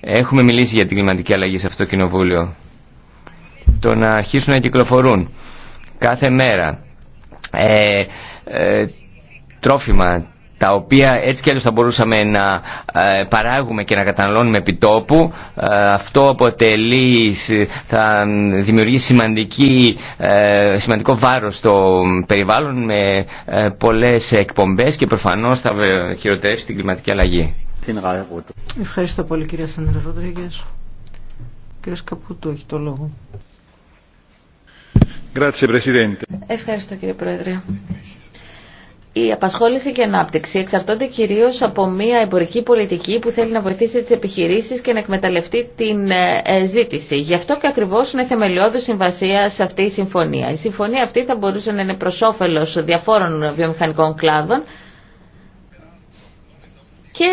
Έχουμε μιλήσει για την κλιματική αλλαγή σε αυτό το κοινοβούλιο το να αρχίσουν να κυκλοφορούν κάθε μέρα ε, ε, τρόφιμα τα οποία έτσι κι αλλιώς θα μπορούσαμε να ε, παράγουμε και να καταναλώνουμε επιτόπου ε, αυτό αποτελεί, θα δημιουργήσει σημαντική, σημαντικό βάρος στο περιβάλλον με πολλές εκπομπές και προφανώς θα χειροτερεύσει την κλιματική αλλαγή. Ευχαριστώ πολύ κυρία Σαντρα Κύριος έχει το λόγο. Ευχαριστώ κύριε Πρόεδρε. Η απασχόληση και η ανάπτυξη εξαρτώνται κυρίω από μια εμπορική πολιτική που θέλει να βοηθήσει τι επιχειρήσει και να εκμεταλλευτεί την ε, ε, ζήτηση. Γι' αυτό και ακριβώ είναι θεμελιώδη συμβασία σε αυτή η συμφωνία. Η συμφωνία αυτή θα μπορούσε να είναι προ όφελο διαφόρων βιομηχανικών κλάδων και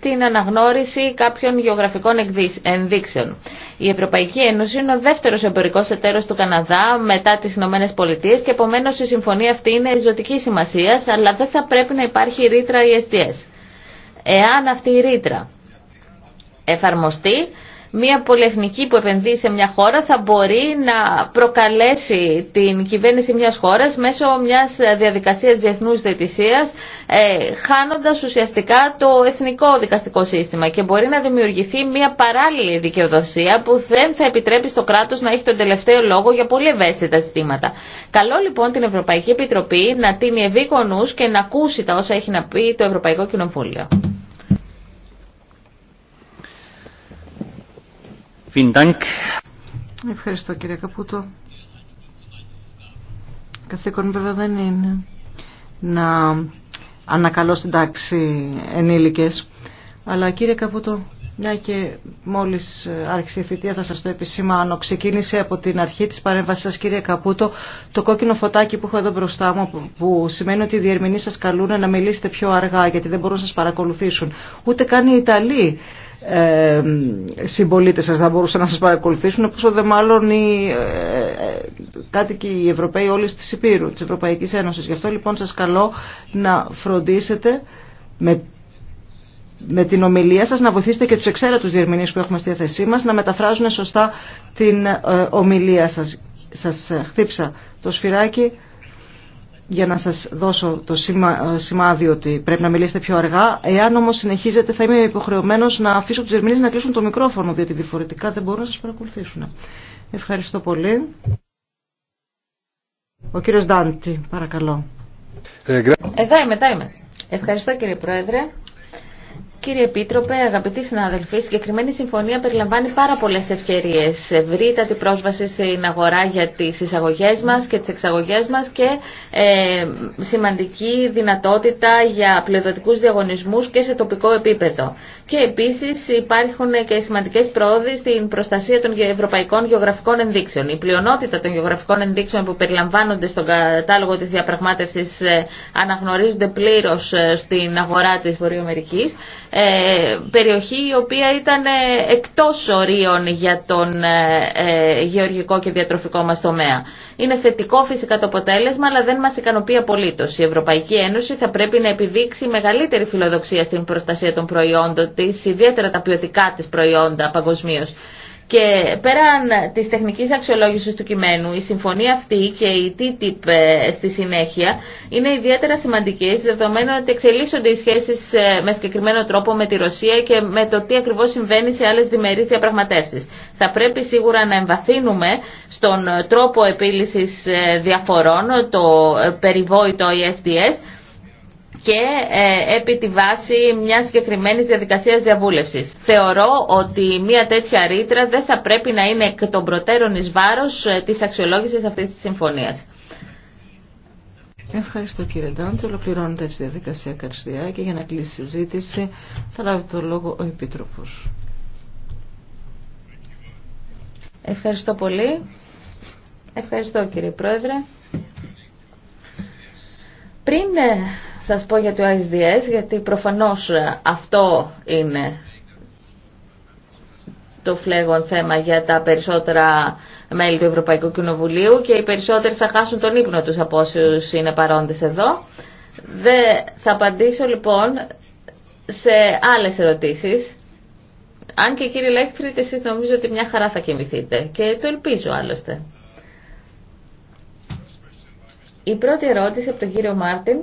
την αναγνώριση κάποιων γεωγραφικών ενδείξεων. Η Ευρωπαϊκή Ένωση είναι ο δεύτερος εμπορικό εταίρος του Καναδά μετά τις Ηνωμένε Πολιτείες και επομένως η συμφωνία αυτή είναι ζωτική σημασία, αλλά δεν θα πρέπει να υπάρχει ρήτρα ISDS. Εάν αυτή η ρήτρα εφαρμοστεί, μια πολυεθνική που επενδύει σε μια χώρα θα μπορεί να προκαλέσει την κυβέρνηση μιας χώρας μέσω μιας διαδικασίας διεθνούς διαιτησίας ε, χάνοντας ουσιαστικά το εθνικό δικαστικό σύστημα και μπορεί να δημιουργηθεί μια παράλληλη δικαιοδοσία που δεν θα επιτρέπει στο κράτος να έχει τον τελευταίο λόγο για πολύ ευαίσθητα ζητήματα. Καλό λοιπόν την Ευρωπαϊκή Επιτροπή να τίνει ευήκονους και να ακούσει τα όσα έχει να πει το Ευρωπαϊκό Κοινοβούλιο. Ευχαριστώ κύριε Καπούτο. Καθήκον βέβαια δεν είναι να ανακαλώ στην τάξη ενήλικες. Αλλά κύριε Καπούτο, μια και μόλις άρχισε η θητεία θα σας το επισημάνω, ξεκίνησε από την αρχή της παρέμβασης σας κύριε Καπούτο το κόκκινο φωτάκι που έχω εδώ μπροστά μου που σημαίνει ότι οι διερμηνείς σας καλούν να μιλήσετε πιο αργά γιατί δεν μπορούν να σας παρακολουθήσουν. Ούτε καν οι Ιταλοί ε, συμπολίτες σας θα μπορούσαν να σα παρακολουθήσουν πόσο δε μάλλον οι ε, ε, κάτοικοι οι Ευρωπαίοι όλη τη Υπήρου, τη Ευρωπαϊκή Ένωση. Γι' αυτό λοιπόν σα καλώ να φροντίσετε με με την ομιλία σας να βοηθήσετε και τους εξαίρετους διερμηνείς που έχουμε στη θέση μας να μεταφράζουν σωστά την ε, ομιλία σας. Σας ε, χτύψα το σφυράκι για να σας δώσω το ε, σημάδι ότι πρέπει να μιλήσετε πιο αργά. Εάν όμως συνεχίζετε θα είμαι υποχρεωμένος να αφήσω τους ερμηνείς να κλείσουν το μικρόφωνο, διότι διαφορετικά δεν μπορούν να σας παρακολουθήσουν. Ευχαριστώ πολύ. Ο κύριος Ντάντι, παρακαλώ. Ε, εδώ είμαι, εδώ είμαι. Ευχαριστώ κύριε Πρόεδρε. Κύριε Επίτροπε, αγαπητοί συναδελφοί, η συγκεκριμένη συμφωνία περιλαμβάνει πάρα πολλέ ευκαιρίε. Ευρύτατη πρόσβαση στην αγορά για τι εισαγωγέ μα και τι εξαγωγέ μα και ε, σημαντική δυνατότητα για πλειοδοτικού διαγωνισμού και σε τοπικό επίπεδο. Και επίσης υπάρχουν και σημαντικές πρόοδοι στην προστασία των ευρωπαϊκών γεωγραφικών ενδείξεων. Η πλειονότητα των γεωγραφικών ενδείξεων που περιλαμβάνονται στον κατάλογο της διαπραγμάτευσης ε, αναγνωρίζονται πλήρως ε, στην αγορά της Βορειοαμερικής. Ε, περιοχή η οποία ήταν ε, εκτός ορίων για τον γεωργικό και διατροφικό μας τομέα. Είναι θετικό φυσικά το αποτέλεσμα, αλλά δεν μα ικανοποιεί απολύτω. Η Ευρωπαϊκή Ένωση θα πρέπει να επιδείξει μεγαλύτερη φιλοδοξία στην προστασία των προϊόντων τη, ιδιαίτερα τα ποιοτικά τη προϊόντα παγκοσμίω. Και πέραν τη τεχνικής αξιολόγησης του κειμένου, η συμφωνία αυτή και η TTIP ε, στη συνέχεια είναι ιδιαίτερα σημαντικές, δεδομένου ότι εξελίσσονται οι σχέσεις ε, με συγκεκριμένο τρόπο με τη Ρωσία και με το τι ακριβώς συμβαίνει σε άλλε διμερείς διαπραγματεύσει. Θα πρέπει σίγουρα να εμβαθύνουμε στον τρόπο επίλυση ε, διαφορών, το περιβόητο ISDS, και ε, επί τη βάση μιας συγκεκριμένη διαδικασίας διαβούλευσης. Θεωρώ ότι μια τέτοια ρήτρα δεν θα πρέπει να είναι εκ των προτέρων εις βάρος ε, της αξιολόγησης αυτής της συμφωνίας. Ευχαριστώ κύριε Ντάντζ. Ολοκληρώνεται έτσι η διαδικασία Καρστιά και για να κλείσει η συζήτηση θα λάβει το λόγο ο Επίτροπος. Ευχαριστώ πολύ. Ευχαριστώ κύριε Πρόεδρε. Πριν ε, σας πω για το ISDS, γιατί προφανώς ε, αυτό είναι το φλέγον θέμα για τα περισσότερα μέλη του Ευρωπαϊκού Κοινοβουλίου και οι περισσότεροι θα χάσουν τον ύπνο τους από όσους είναι παρόντες εδώ. θα απαντήσω λοιπόν σε άλλες ερωτήσεις. Αν και κύριε Λέχτριτ, εσείς νομίζω ότι μια χαρά θα κοιμηθείτε και το ελπίζω άλλωστε. Η πρώτη ερώτηση από τον κύριο Μάρτιν.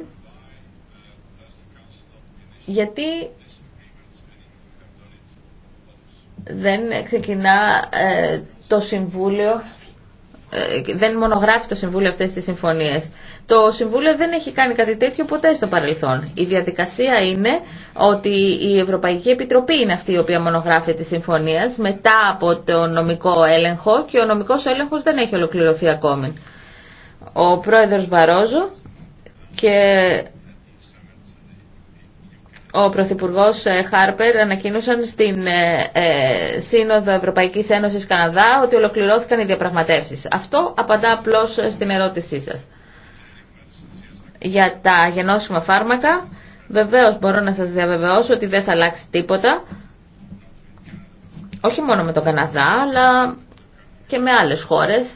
Γιατί δεν ξεκινά ε, το Συμβούλιο, ε, δεν μονογράφει το Συμβούλιο αυτές τις συμφωνίες. Το Συμβούλιο δεν έχει κάνει κάτι τέτοιο ποτέ στο παρελθόν. Η διαδικασία είναι ότι η Ευρωπαϊκή Επιτροπή είναι αυτή η οποία μονογράφει τις συμφωνία μετά από το νομικό έλεγχο και ο νομικός έλεγχος δεν έχει ολοκληρωθεί ακόμη ο πρόεδρος Μπαρόζο και ο Πρωθυπουργό ε, Χάρπερ ανακοίνωσαν στην ε, ε, Σύνοδο Ευρωπαϊκή Ένωση Καναδά ότι ολοκληρώθηκαν οι διαπραγματεύσει. Αυτό απαντά απλώ στην ερώτησή σα. Για τα γενώσιμα φάρμακα, βεβαίω μπορώ να σα διαβεβαιώσω ότι δεν θα αλλάξει τίποτα. Όχι μόνο με τον Καναδά, αλλά και με άλλες χώρες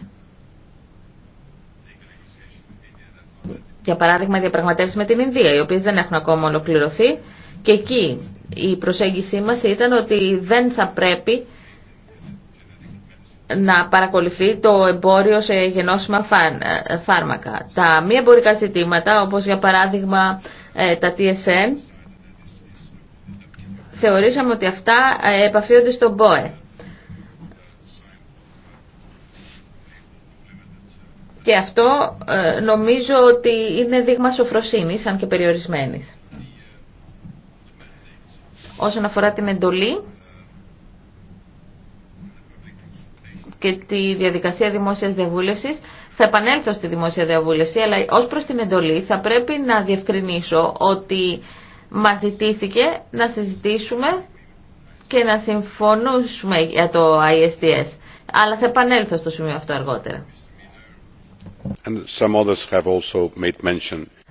Για παράδειγμα, διαπραγματεύσει με την Ινδία, οι οποίε δεν έχουν ακόμα ολοκληρωθεί. Και εκεί η προσέγγιση μας ήταν ότι δεν θα πρέπει να παρακολουθεί το εμπόριο σε γενώσιμα φάρμακα. Τα μη εμπορικά ζητήματα, όπως για παράδειγμα ε, τα TSN, θεωρήσαμε ότι αυτά ε, επαφίονται στον ΠΟΕ. Και αυτό ε, νομίζω ότι είναι δείγμα σοφροσύνης, αν και περιορισμένης. Όσον αφορά την εντολή και τη διαδικασία δημόσιας διαβούλευσης, θα επανέλθω στη δημόσια διαβούλευση, αλλά ως προς την εντολή θα πρέπει να διευκρινίσω ότι μας ζητήθηκε να συζητήσουμε και να συμφωνήσουμε για το ISDS. Αλλά θα επανέλθω στο σημείο αυτό αργότερα.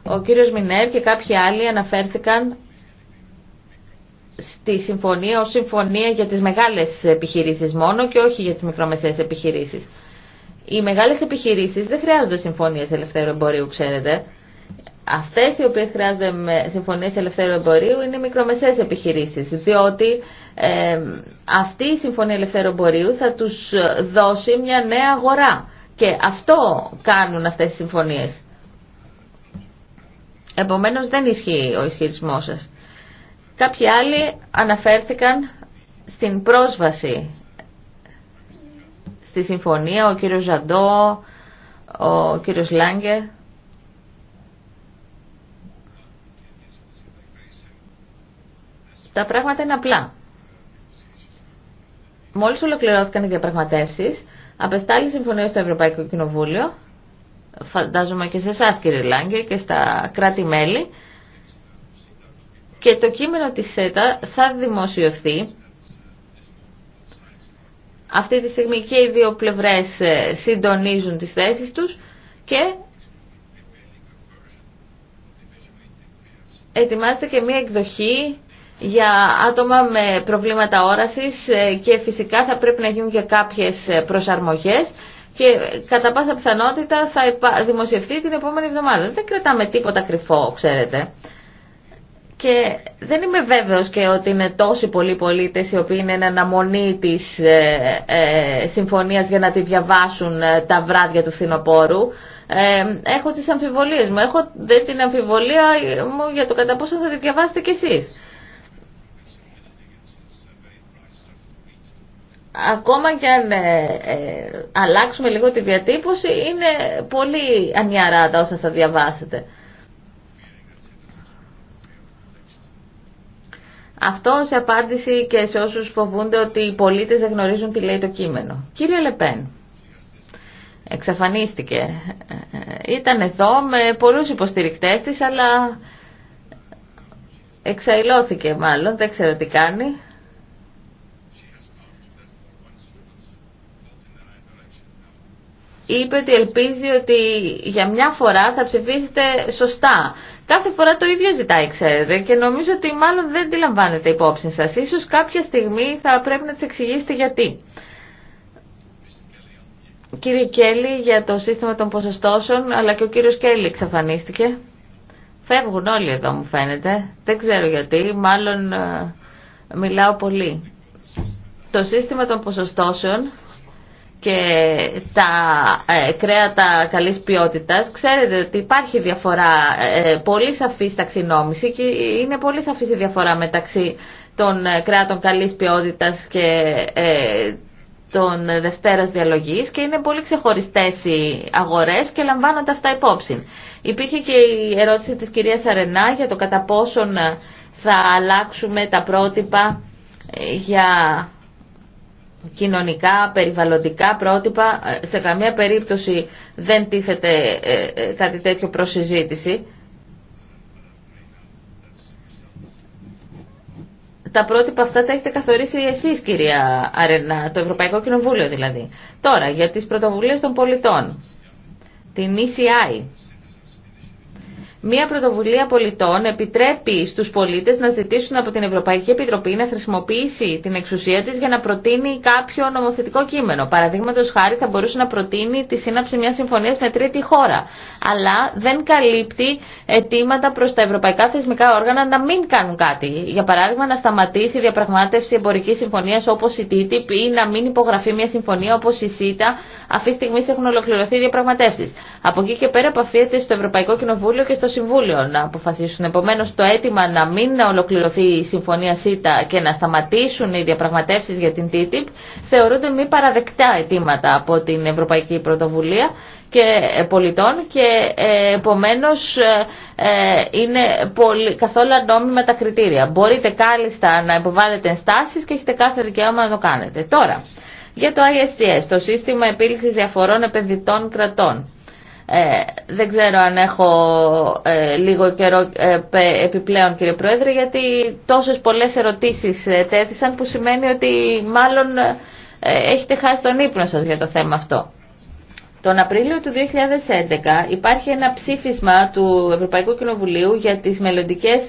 Ο κύριος Μινέρ και κάποιοι άλλοι αναφέρθηκαν στη συμφωνία ως συμφωνία για τις μεγάλες επιχειρήσεις μόνο και όχι για τις μικρομεσαίες επιχειρήσεις. Οι μεγάλες επιχειρήσεις δεν χρειάζονται συμφωνίες ελευθέρου εμπορίου, ξέρετε. Αυτές οι οποίες χρειάζονται συμφωνίες ελευθέρου εμπορίου είναι οι μικρομεσαίες επιχειρήσεις, διότι ε, αυτή η συμφωνία ελευθέρου εμπορίου θα τους δώσει μια νέα αγορά και αυτό κάνουν αυτές οι συμφωνίες. Επομένως δεν ισχύει ο ισχυρισμός σας. Κάποιοι άλλοι αναφέρθηκαν στην πρόσβαση στη συμφωνία, ο κύριος Ζαντό, ο κύριος Λάγκε. Τα πράγματα είναι απλά. Μόλις ολοκληρώθηκαν οι διαπραγματεύσεις, Απεστάλλει συμφωνία στο Ευρωπαϊκό Κοινοβούλιο, φαντάζομαι και σε εσά κύριε Λάγκε και στα κράτη-μέλη και το κείμενο της ΣΕΤΑ θα δημοσιευθεί αυτή τη στιγμή και οι δύο πλευρές ε, συντονίζουν τις θέσεις τους και ετοιμάζεται και μία εκδοχή για άτομα με προβλήματα όρασης ε, και φυσικά θα πρέπει να γίνουν και κάποιες ε, προσαρμογές και κατά πάσα πιθανότητα θα δημοσιευτεί την επόμενη εβδομάδα. Δεν κρατάμε τίποτα κρυφό, ξέρετε. Και δεν είμαι βέβαιος και ότι είναι τόσοι πολλοί πολίτες οι οποίοι είναι αναμονή της ε, ε, συμφωνίας για να τη διαβάσουν τα βράδια του φθινοπόρου. έχω τις αμφιβολίες μου. Έχω την αμφιβολία μου για το κατά πόσο θα τη διαβάσετε κι εσείς. ακόμα και αν ε, ε, αλλάξουμε λίγο τη διατύπωση, είναι πολύ ανιαρά τα όσα θα διαβάσετε. Αυτό σε απάντηση και σε όσους φοβούνται ότι οι πολίτες δεν γνωρίζουν τι λέει το κείμενο. Κύριε Λεπέν, εξαφανίστηκε. Ήταν εδώ με πολλούς υποστηρικτές της, αλλά εξαϊλώθηκε μάλλον, δεν ξέρω τι κάνει. είπε ότι ελπίζει ότι για μια φορά θα ψηφίσετε σωστά. Κάθε φορά το ίδιο ζητάει, ξέρετε, και νομίζω ότι μάλλον δεν τη λαμβάνετε υπόψη σας. Ίσως κάποια στιγμή θα πρέπει να της εξηγήσετε γιατί. Κύριε Κέλλη, για το σύστημα των ποσοστώσεων, αλλά και ο κύριος Κέλλη εξαφανίστηκε. Φεύγουν όλοι εδώ, μου φαίνεται. Δεν ξέρω γιατί, μάλλον ε, μιλάω πολύ. Το σύστημα των ποσοστώσεων και τα ε, κρέατα καλής ποιότητας, ξέρετε ότι υπάρχει διαφορά ε, ε, πολύ σαφή ταξινόμηση και είναι πολύ σαφή η διαφορά μεταξύ των ε, κρέατων καλής ποιότητας και ε, των Δευτέρας Διαλογής και είναι πολύ ξεχωριστές οι αγορές και λαμβάνονται αυτά υπόψη. Υπήρχε και η ερώτηση της κυρίας Αρενά για το κατά πόσον θα αλλάξουμε τα πρότυπα για κοινωνικά, περιβαλλοντικά πρότυπα, ε, σε καμία περίπτωση δεν τίθεται ε, ε, κάτι τέτοιο προς συζήτηση. Τα πρότυπα αυτά τα έχετε καθορίσει εσείς κυρία Αρενά, το Ευρωπαϊκό Κοινοβούλιο δηλαδή. Τώρα για τις πρωτοβουλίες των πολιτών, την ECI, Μία πρωτοβουλία πολιτών επιτρέπει στους πολίτες να ζητήσουν από την Ευρωπαϊκή Επιτροπή να χρησιμοποιήσει την εξουσία της για να προτείνει κάποιο νομοθετικό κείμενο. Παραδείγματο χάρη θα μπορούσε να προτείνει τη σύναψη μιας συμφωνίας με τρίτη χώρα. Αλλά δεν καλύπτει αιτήματα προς τα ευρωπαϊκά θεσμικά όργανα να μην κάνουν κάτι. Για παράδειγμα να σταματήσει η διαπραγμάτευση εμπορικής συμφωνίας όπως η TTIP ή να μην υπογραφεί μια συμφωνία όπως η ΣΥΤΑ. Αυτή τη στιγμή ολοκληρωθεί Από εκεί και πέρα στο Ευρωπαϊκό Κοινοβούλιο και Συμβούλιο να αποφασίσουν. Επομένω, το αίτημα να μην ολοκληρωθεί η συμφωνία ΣΥΤΑ και να σταματήσουν οι διαπραγματεύσει για την TTIP θεωρούνται μη παραδεκτά αιτήματα από την Ευρωπαϊκή Πρωτοβουλία και ε, πολιτών και ε, επομένως ε, είναι πολύ, καθόλου ανώμημα τα κριτήρια. Μπορείτε κάλλιστα να υποβάλλετε ενστάσει και έχετε κάθε δικαίωμα να το κάνετε. Τώρα, για το ISDS, το Σύστημα Επίλυσης Διαφορών Επενδυτών Κρατών. Ε, δεν ξέρω αν έχω ε, λίγο καιρό ε, επιπλέον κύριε Πρόεδρε γιατί τόσες πολλές ερωτήσεις ε, τέθησαν που σημαίνει ότι μάλλον έχετε χάσει τον ύπνο σας για το θέμα αυτό. Τον Απρίλιο του 2011 υπάρχει ένα ψήφισμα του Ευρωπαϊκού Κοινοβουλίου για τις μελλοντικές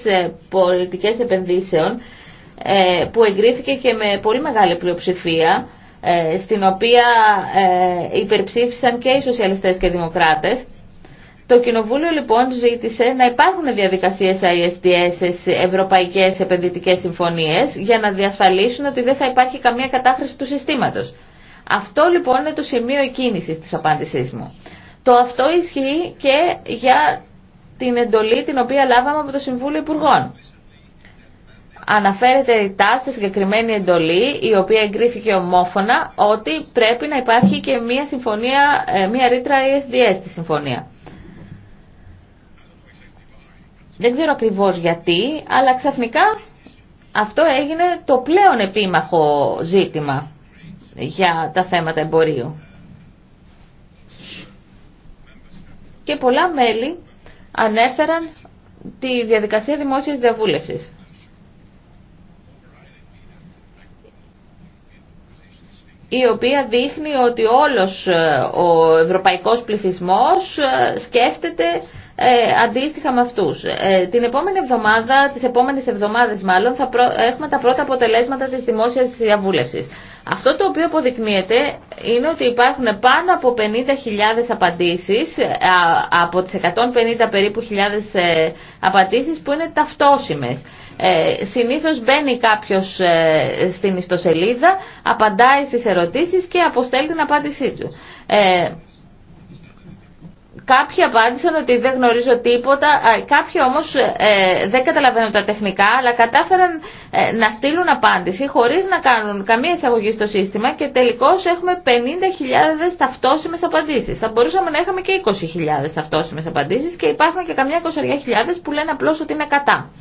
πολιτικές επενδύσεων που εγκρίθηκε και με πολύ μεγάλη πλειοψηφία ε, στην οποία ε, υπερψήφισαν και οι σοσιαλιστές και οι δημοκράτες. Το Κοινοβούλιο λοιπόν ζήτησε να υπάρχουν διαδικασίες ISDS, Ευρωπαϊκές Επενδυτικές Συμφωνίες, για να διασφαλίσουν ότι δεν θα υπάρχει καμία κατάχρηση του συστήματος. Αυτό λοιπόν είναι το σημείο κίνησης της απάντησής μου. Το αυτό ισχύει και για την εντολή την οποία λάβαμε από το Συμβούλιο Υπουργών αναφέρεται ρητά στη συγκεκριμένη εντολή, η οποία εγκρίθηκε ομόφωνα, ότι πρέπει να υπάρχει και μια συμφωνία, ε, μια ρήτρα ESDS ε στη συμφωνία. Δεν ξέρω ακριβώς γιατί, αλλά ξαφνικά αυτό έγινε το πλέον επίμαχο ζήτημα για τα θέματα εμπορίου. Και πολλά μέλη ανέφεραν τη διαδικασία δημόσιας διαβούλευσης. η οποία δείχνει ότι όλος ε, ο ευρωπαϊκός πληθυσμός ε, σκέφτεται ε, αντίστοιχα με αυτού. την επόμενη εβδομάδα, τις επόμενες εβδομάδες μάλλον, θα έχουμε τα πρώτα αποτελέσματα της Δημόσιας διαβούλευση. Αυτό το οποίο αποδεικνύεται είναι ότι υπάρχουν πάνω από 50.000 απαντήσεις από τις 150 περίπου χιλιάδες απαντήσεις που είναι ταυτόσιμες. Ε, συνήθως μπαίνει κάποιος ε, στην ιστοσελίδα, απαντάει στις ερωτήσεις και αποστέλει την απάντησή του. Ε, Κάποιοι απάντησαν ότι δεν γνωρίζω τίποτα, κάποιοι όμως ε, δεν καταλαβαίνουν τα τεχνικά, αλλά κατάφεραν ε, να στείλουν απάντηση χωρίς να κάνουν καμία εισαγωγή στο σύστημα και τελικώς έχουμε 50.000 ταυτόσιμες απαντήσεις. Θα μπορούσαμε να είχαμε και 20.000 ταυτόσιμες απαντήσεις και υπάρχουν και καμιά 20.000 που λένε απλώς ότι είναι κατά.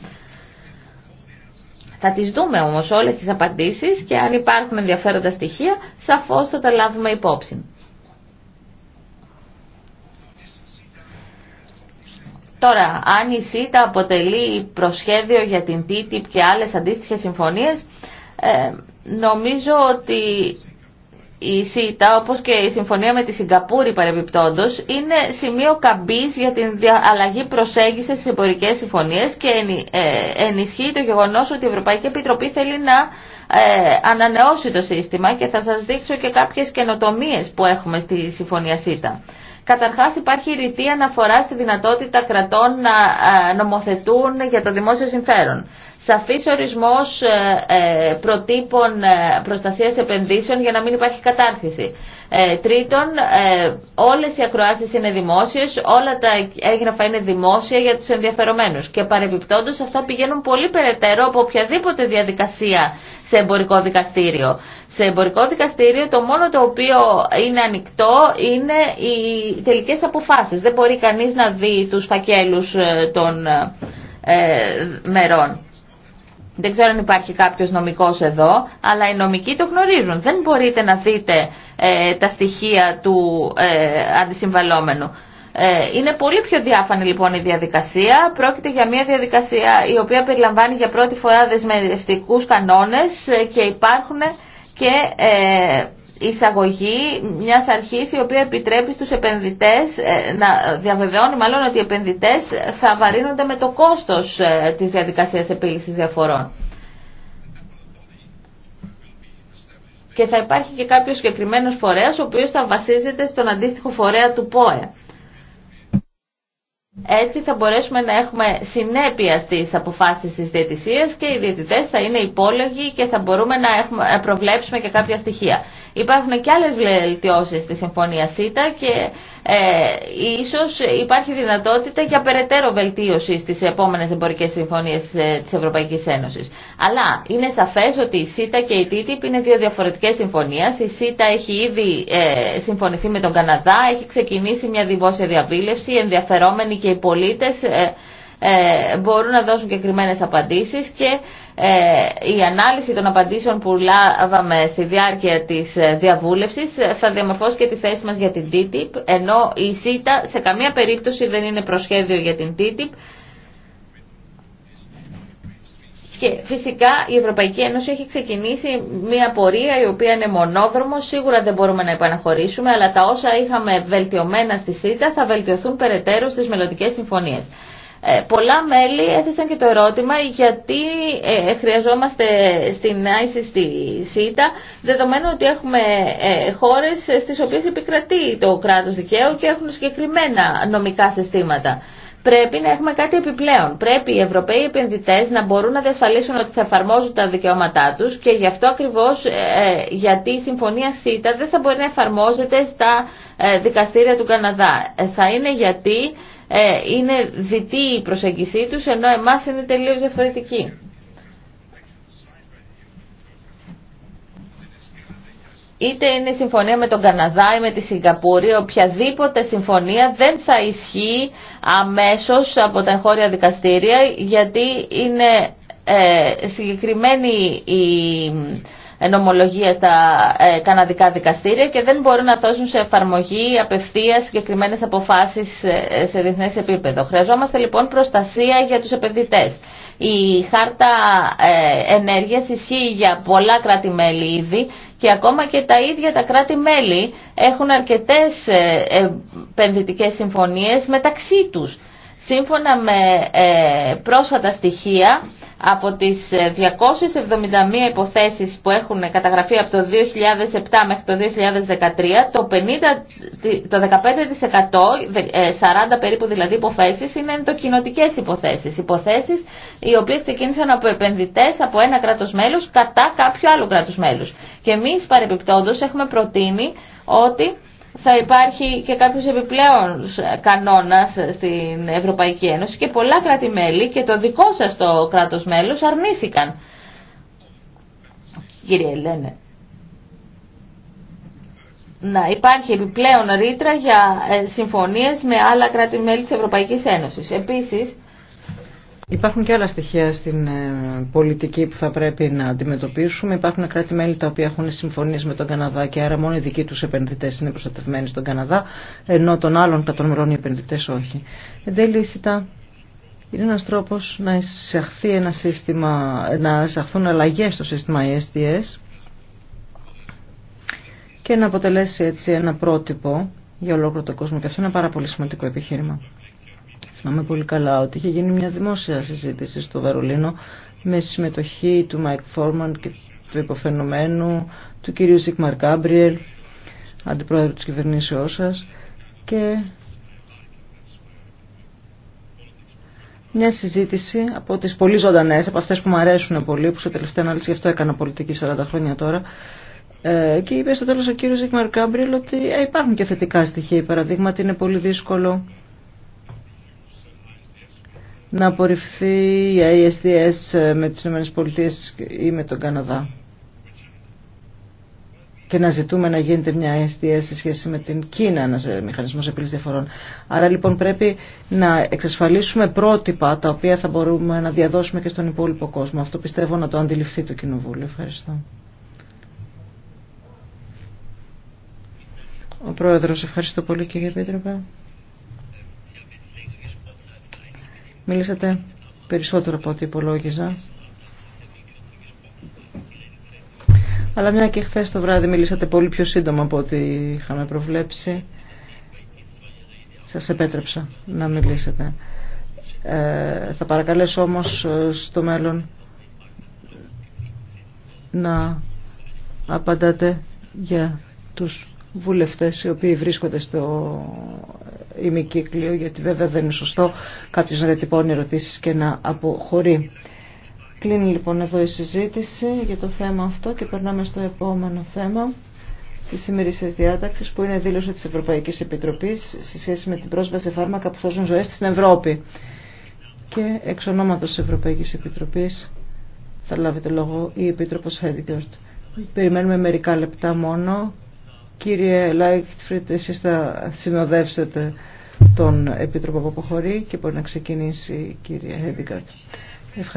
Θα τις δούμε όμως όλες τις απαντήσεις και αν υπάρχουν ενδιαφέροντα στοιχεία, σαφώς θα τα λάβουμε υπόψη. Τώρα, αν η ΣΥΤΑ αποτελεί προσχέδιο για την TTIP και άλλες αντίστοιχες συμφωνίες, ε, νομίζω ότι η ΣΥΤΑ, όπως και η συμφωνία με τη Σιγκαπούρη παρεμπιπτόντως, είναι σημείο καμπής για την αλλαγή προσέγγισης στις εμπορικές συμφωνίες και ε, ενισχύει το γεγονός ότι η Ευρωπαϊκή Επιτροπή θέλει να ε, ανανεώσει το σύστημα και θα σας δείξω και κάποιες καινοτομίες που έχουμε στη συμφωνία ΣΥΤΑ. Καταρχά υπάρχει ρητή αναφορά στη δυνατότητα κρατών να ε, νομοθετούν για το δημόσιο συμφέρον σαφής ορισμός ε, ε, προτύπων ε, προστασίας επενδύσεων για να μην υπάρχει Ε, Τρίτον, όλες οι ακροάσεις είναι δημόσιες, όλα τα έγγραφα είναι δημόσια για τους ενδιαφερομένους και παρεμπιπτόντως αυτά πηγαίνουν πολύ περαιτέρω από οποιαδήποτε διαδικασία σε εμπορικό δικαστήριο. Σε εμπορικό δικαστήριο το μόνο το οποίο είναι ανοιχτό είναι οι τελικές αποφάσεις. Δεν μπορεί κανείς να δει τους φακέλους των μερών. Δεν ξέρω αν υπάρχει κάποιος νομικός εδώ, αλλά οι νομικοί το γνωρίζουν. Δεν μπορείτε να δείτε ε, τα στοιχεία του ε, αντισυμβαλόμενου. Ε, είναι πολύ πιο διάφανη λοιπόν η διαδικασία. Πρόκειται για μια διαδικασία η οποία περιλαμβάνει για πρώτη φορά δεσμευτικούς κανόνες ε, και υπάρχουν και εισαγωγή μιας αρχής η οποία επιτρέπει στους επενδυτές ε, να διαβεβαιώνει μάλλον ότι οι επενδυτές θα βαρύνονται με το κόστος ε, της διαδικασίας επίλυσης διαφορών. Και θα υπάρχει και κάποιος συγκεκριμένο φορέας ο οποίος θα βασίζεται στον αντίστοιχο φορέα του ΠΟΕ. Έτσι θα μπορέσουμε να έχουμε συνέπεια στις αποφάσεις της διαιτησίας και οι διαιτητές θα είναι υπόλογοι και θα μπορούμε να προβλέψουμε και κάποια στοιχεία. Υπάρχουν και άλλες βελτιώσεις στη Συμφωνία ΣΥΤΑ και ε, ίσως υπάρχει δυνατότητα για περαιτέρω βελτίωση στις επόμενες εμπορικές συμφωνίες ε, της Ευρωπαϊκής Ένωσης. Αλλά είναι σαφές ότι η ΣΥΤΑ και η TTIP είναι δύο διαφορετικές συμφωνίες. Η ΣΥΤΑ έχει ήδη ε, συμφωνηθεί με τον Καναδά, έχει ξεκινήσει μια δημόσια διαβίλευση, ενδιαφερόμενοι και οι πολίτες ε, ε μπορούν να δώσουν συγκεκριμένε απαντήσεις και ε, η ανάλυση των απαντήσεων που λάβαμε στη διάρκεια της ε, διαβούλευσης ε, θα διαμορφώσει και τη θέση μας για την TTIP, ενώ η ΣΥΤΑ σε καμία περίπτωση δεν είναι προσχέδιο για την TTIP. Και φυσικά η Ευρωπαϊκή Ένωση έχει ξεκινήσει μια πορεία η οποία είναι μονόδρομο. Σίγουρα δεν μπορούμε να επαναχωρήσουμε, αλλά τα όσα είχαμε βελτιωμένα στη ΣΥΤΑ θα βελτιωθούν περαιτέρω στι μελλοντικέ συμφωνίε. Ε, πολλά μέλη έθεσαν και το ερώτημα γιατί ε, χρειαζόμαστε στην στη ΣΥΤΑ δεδομένου ότι έχουμε ε, χώρες στις οποίες επικρατεί το κράτος δικαίου και έχουν συγκεκριμένα νομικά συστήματα. Πρέπει να έχουμε κάτι επιπλέον. Πρέπει οι Ευρωπαίοι επενδυτέ να μπορούν να διασφαλίσουν ότι θα εφαρμόζουν τα δικαιώματά του και γι' αυτό ακριβώ γιατί η συμφωνία ΣΥΤΑ δεν θα μπορεί να εφαρμόζεται στα δικαστήρια του Καναδά. θα είναι γιατί ε, είναι δυτή η προσέγγισή τους, ενώ εμάς είναι τελείως διαφορετική. Είτε είναι συμφωνία με τον Καναδά ή με τη Σιγκαπούρη, οποιαδήποτε συμφωνία δεν θα ισχύει αμέσως από τα εγχώρια δικαστήρια, γιατί είναι ε, συγκεκριμένη η νομολογία στα ε, καναδικά δικαστήρια και δεν μπορούν να δώσουν σε εφαρμογή απευθεία συγκεκριμένε αποφάσει ε, σε διεθνέ επίπεδο. Χρειαζόμαστε λοιπόν προστασία για του επενδυτέ. Η χάρτα ε, ενέργειας ισχύει για πολλά κράτη-μέλη ήδη και ακόμα και τα ίδια τα κράτη-μέλη έχουν αρκετές ε, επενδυτικέ συμφωνίε μεταξύ τους. Σύμφωνα με πρόσφατα στοιχεία, από τις 271 ε, υποθέσεις που έχουν καταγραφεί από το 2007 μέχρι το 2013, το, 50, το 15%, 40 ε, περίπου δηλαδή υποθέσεις, είναι ενδοκοινοτικές υποθέσεις. Υποθέσεις οι οποίες ξεκίνησαν από επενδυτές από ένα κράτος μέλος κατά κάποιο άλλο κράτος μέλος. Και εμείς παρεπιπτόντως έχουμε προτείνει ότι θα υπάρχει και κάποιος επιπλέον κανόνας στην Ευρωπαϊκή Ένωση και πολλά κράτη-μέλη και το δικό σας το κράτος μέλος αρνήθηκαν. Κύριε Ελένε. Να υπάρχει επιπλέον ρήτρα για ε, συμφωνίες με άλλα κράτη-μέλη της Ευρωπαϊκής Ένωσης. Επίσης, Υπάρχουν και άλλα στοιχεία στην ε, πολιτική που θα πρέπει να αντιμετωπίσουμε. Υπάρχουν κράτη-μέλη τα οποία έχουν συμφωνίε με τον Καναδά και άρα μόνο οι δικοί του επενδυτέ είναι προστατευμένοι στον Καναδά, ενώ των άλλων κρατών οι επενδυτέ όχι. Εν τέλει, είναι ένας τρόπος να εισαχθεί ένα σύστημα, να εισαχθούν αλλαγέ στο σύστημα ISDS και να αποτελέσει έτσι ένα πρότυπο για ολόκληρο τον κόσμο. Και αυτό είναι ένα πάρα πολύ σημαντικό επιχείρημα. Θυμάμαι πολύ καλά ότι είχε γίνει μια δημόσια συζήτηση στο Βερολίνο με συμμετοχή του Μάικ Φόρμαν και του υποφαινομένου του κυρίου Σίγμαρ Κάμπριελ, αντιπρόεδρο της κυβερνήσεώς σας και μια συζήτηση από τις πολύ ζωντανές, από αυτές που μου αρέσουν πολύ, που σε τελευταία ανάλυση γι' αυτό έκανα πολιτική 40 χρόνια τώρα, ε, και είπε στο τέλος ο κύριος Ζίγμαρ Κάμπριελ ότι ε, υπάρχουν και θετικά στοιχεία, παραδείγματα είναι πολύ δύσκολο να απορριφθεί η ISDS με τις ΗΠΑ ή με τον Καναδά και να ζητούμε να γίνεται μια ISDS σε σχέση με την Κίνα, ένα ε, μηχανισμό επίλυση διαφορών. Άρα λοιπόν πρέπει να εξασφαλίσουμε πρότυπα τα οποία θα μπορούμε να διαδώσουμε και στον υπόλοιπο κόσμο. Αυτό πιστεύω να το αντιληφθεί το Κοινοβούλιο. Ευχαριστώ. Ο Πρόεδρος, ευχαριστώ πολύ κύριε Πίτροπε. Μίλησατε περισσότερο από ό,τι υπολόγιζα. Αλλά μια και χθε το βράδυ μίλησατε πολύ πιο σύντομα από ό,τι είχαμε προβλέψει. Σας επέτρεψα να μιλήσετε. Ε, θα παρακαλέσω όμως ε, στο μέλλον να απαντάτε για τους βουλευτές οι οποίοι βρίσκονται στο ημικύκλιο, γιατί βέβαια δεν είναι σωστό κάποιο να διατυπώνει ερωτήσει και να αποχωρεί. Κλείνει λοιπόν εδώ η συζήτηση για το θέμα αυτό και περνάμε στο επόμενο θέμα τη ημερήσια διάταξη που είναι δήλωση τη Ευρωπαϊκή Επιτροπή σε σχέση με την πρόσβαση σε φάρμακα που σώζουν ζωέ στην Ευρώπη. Και εξ ονόματο τη Ευρωπαϊκή Επιτροπή θα λάβει το λόγο η Επίτροπο Χέντιγκορτ. Περιμένουμε μερικά λεπτά μόνο. Κύριε Λάιχτφριτ, εσεί θα συνοδεύσετε τον Επίτροπο που αποχωρεί και μπορεί να ξεκινήσει η κυρία Χέντιγκαρτ.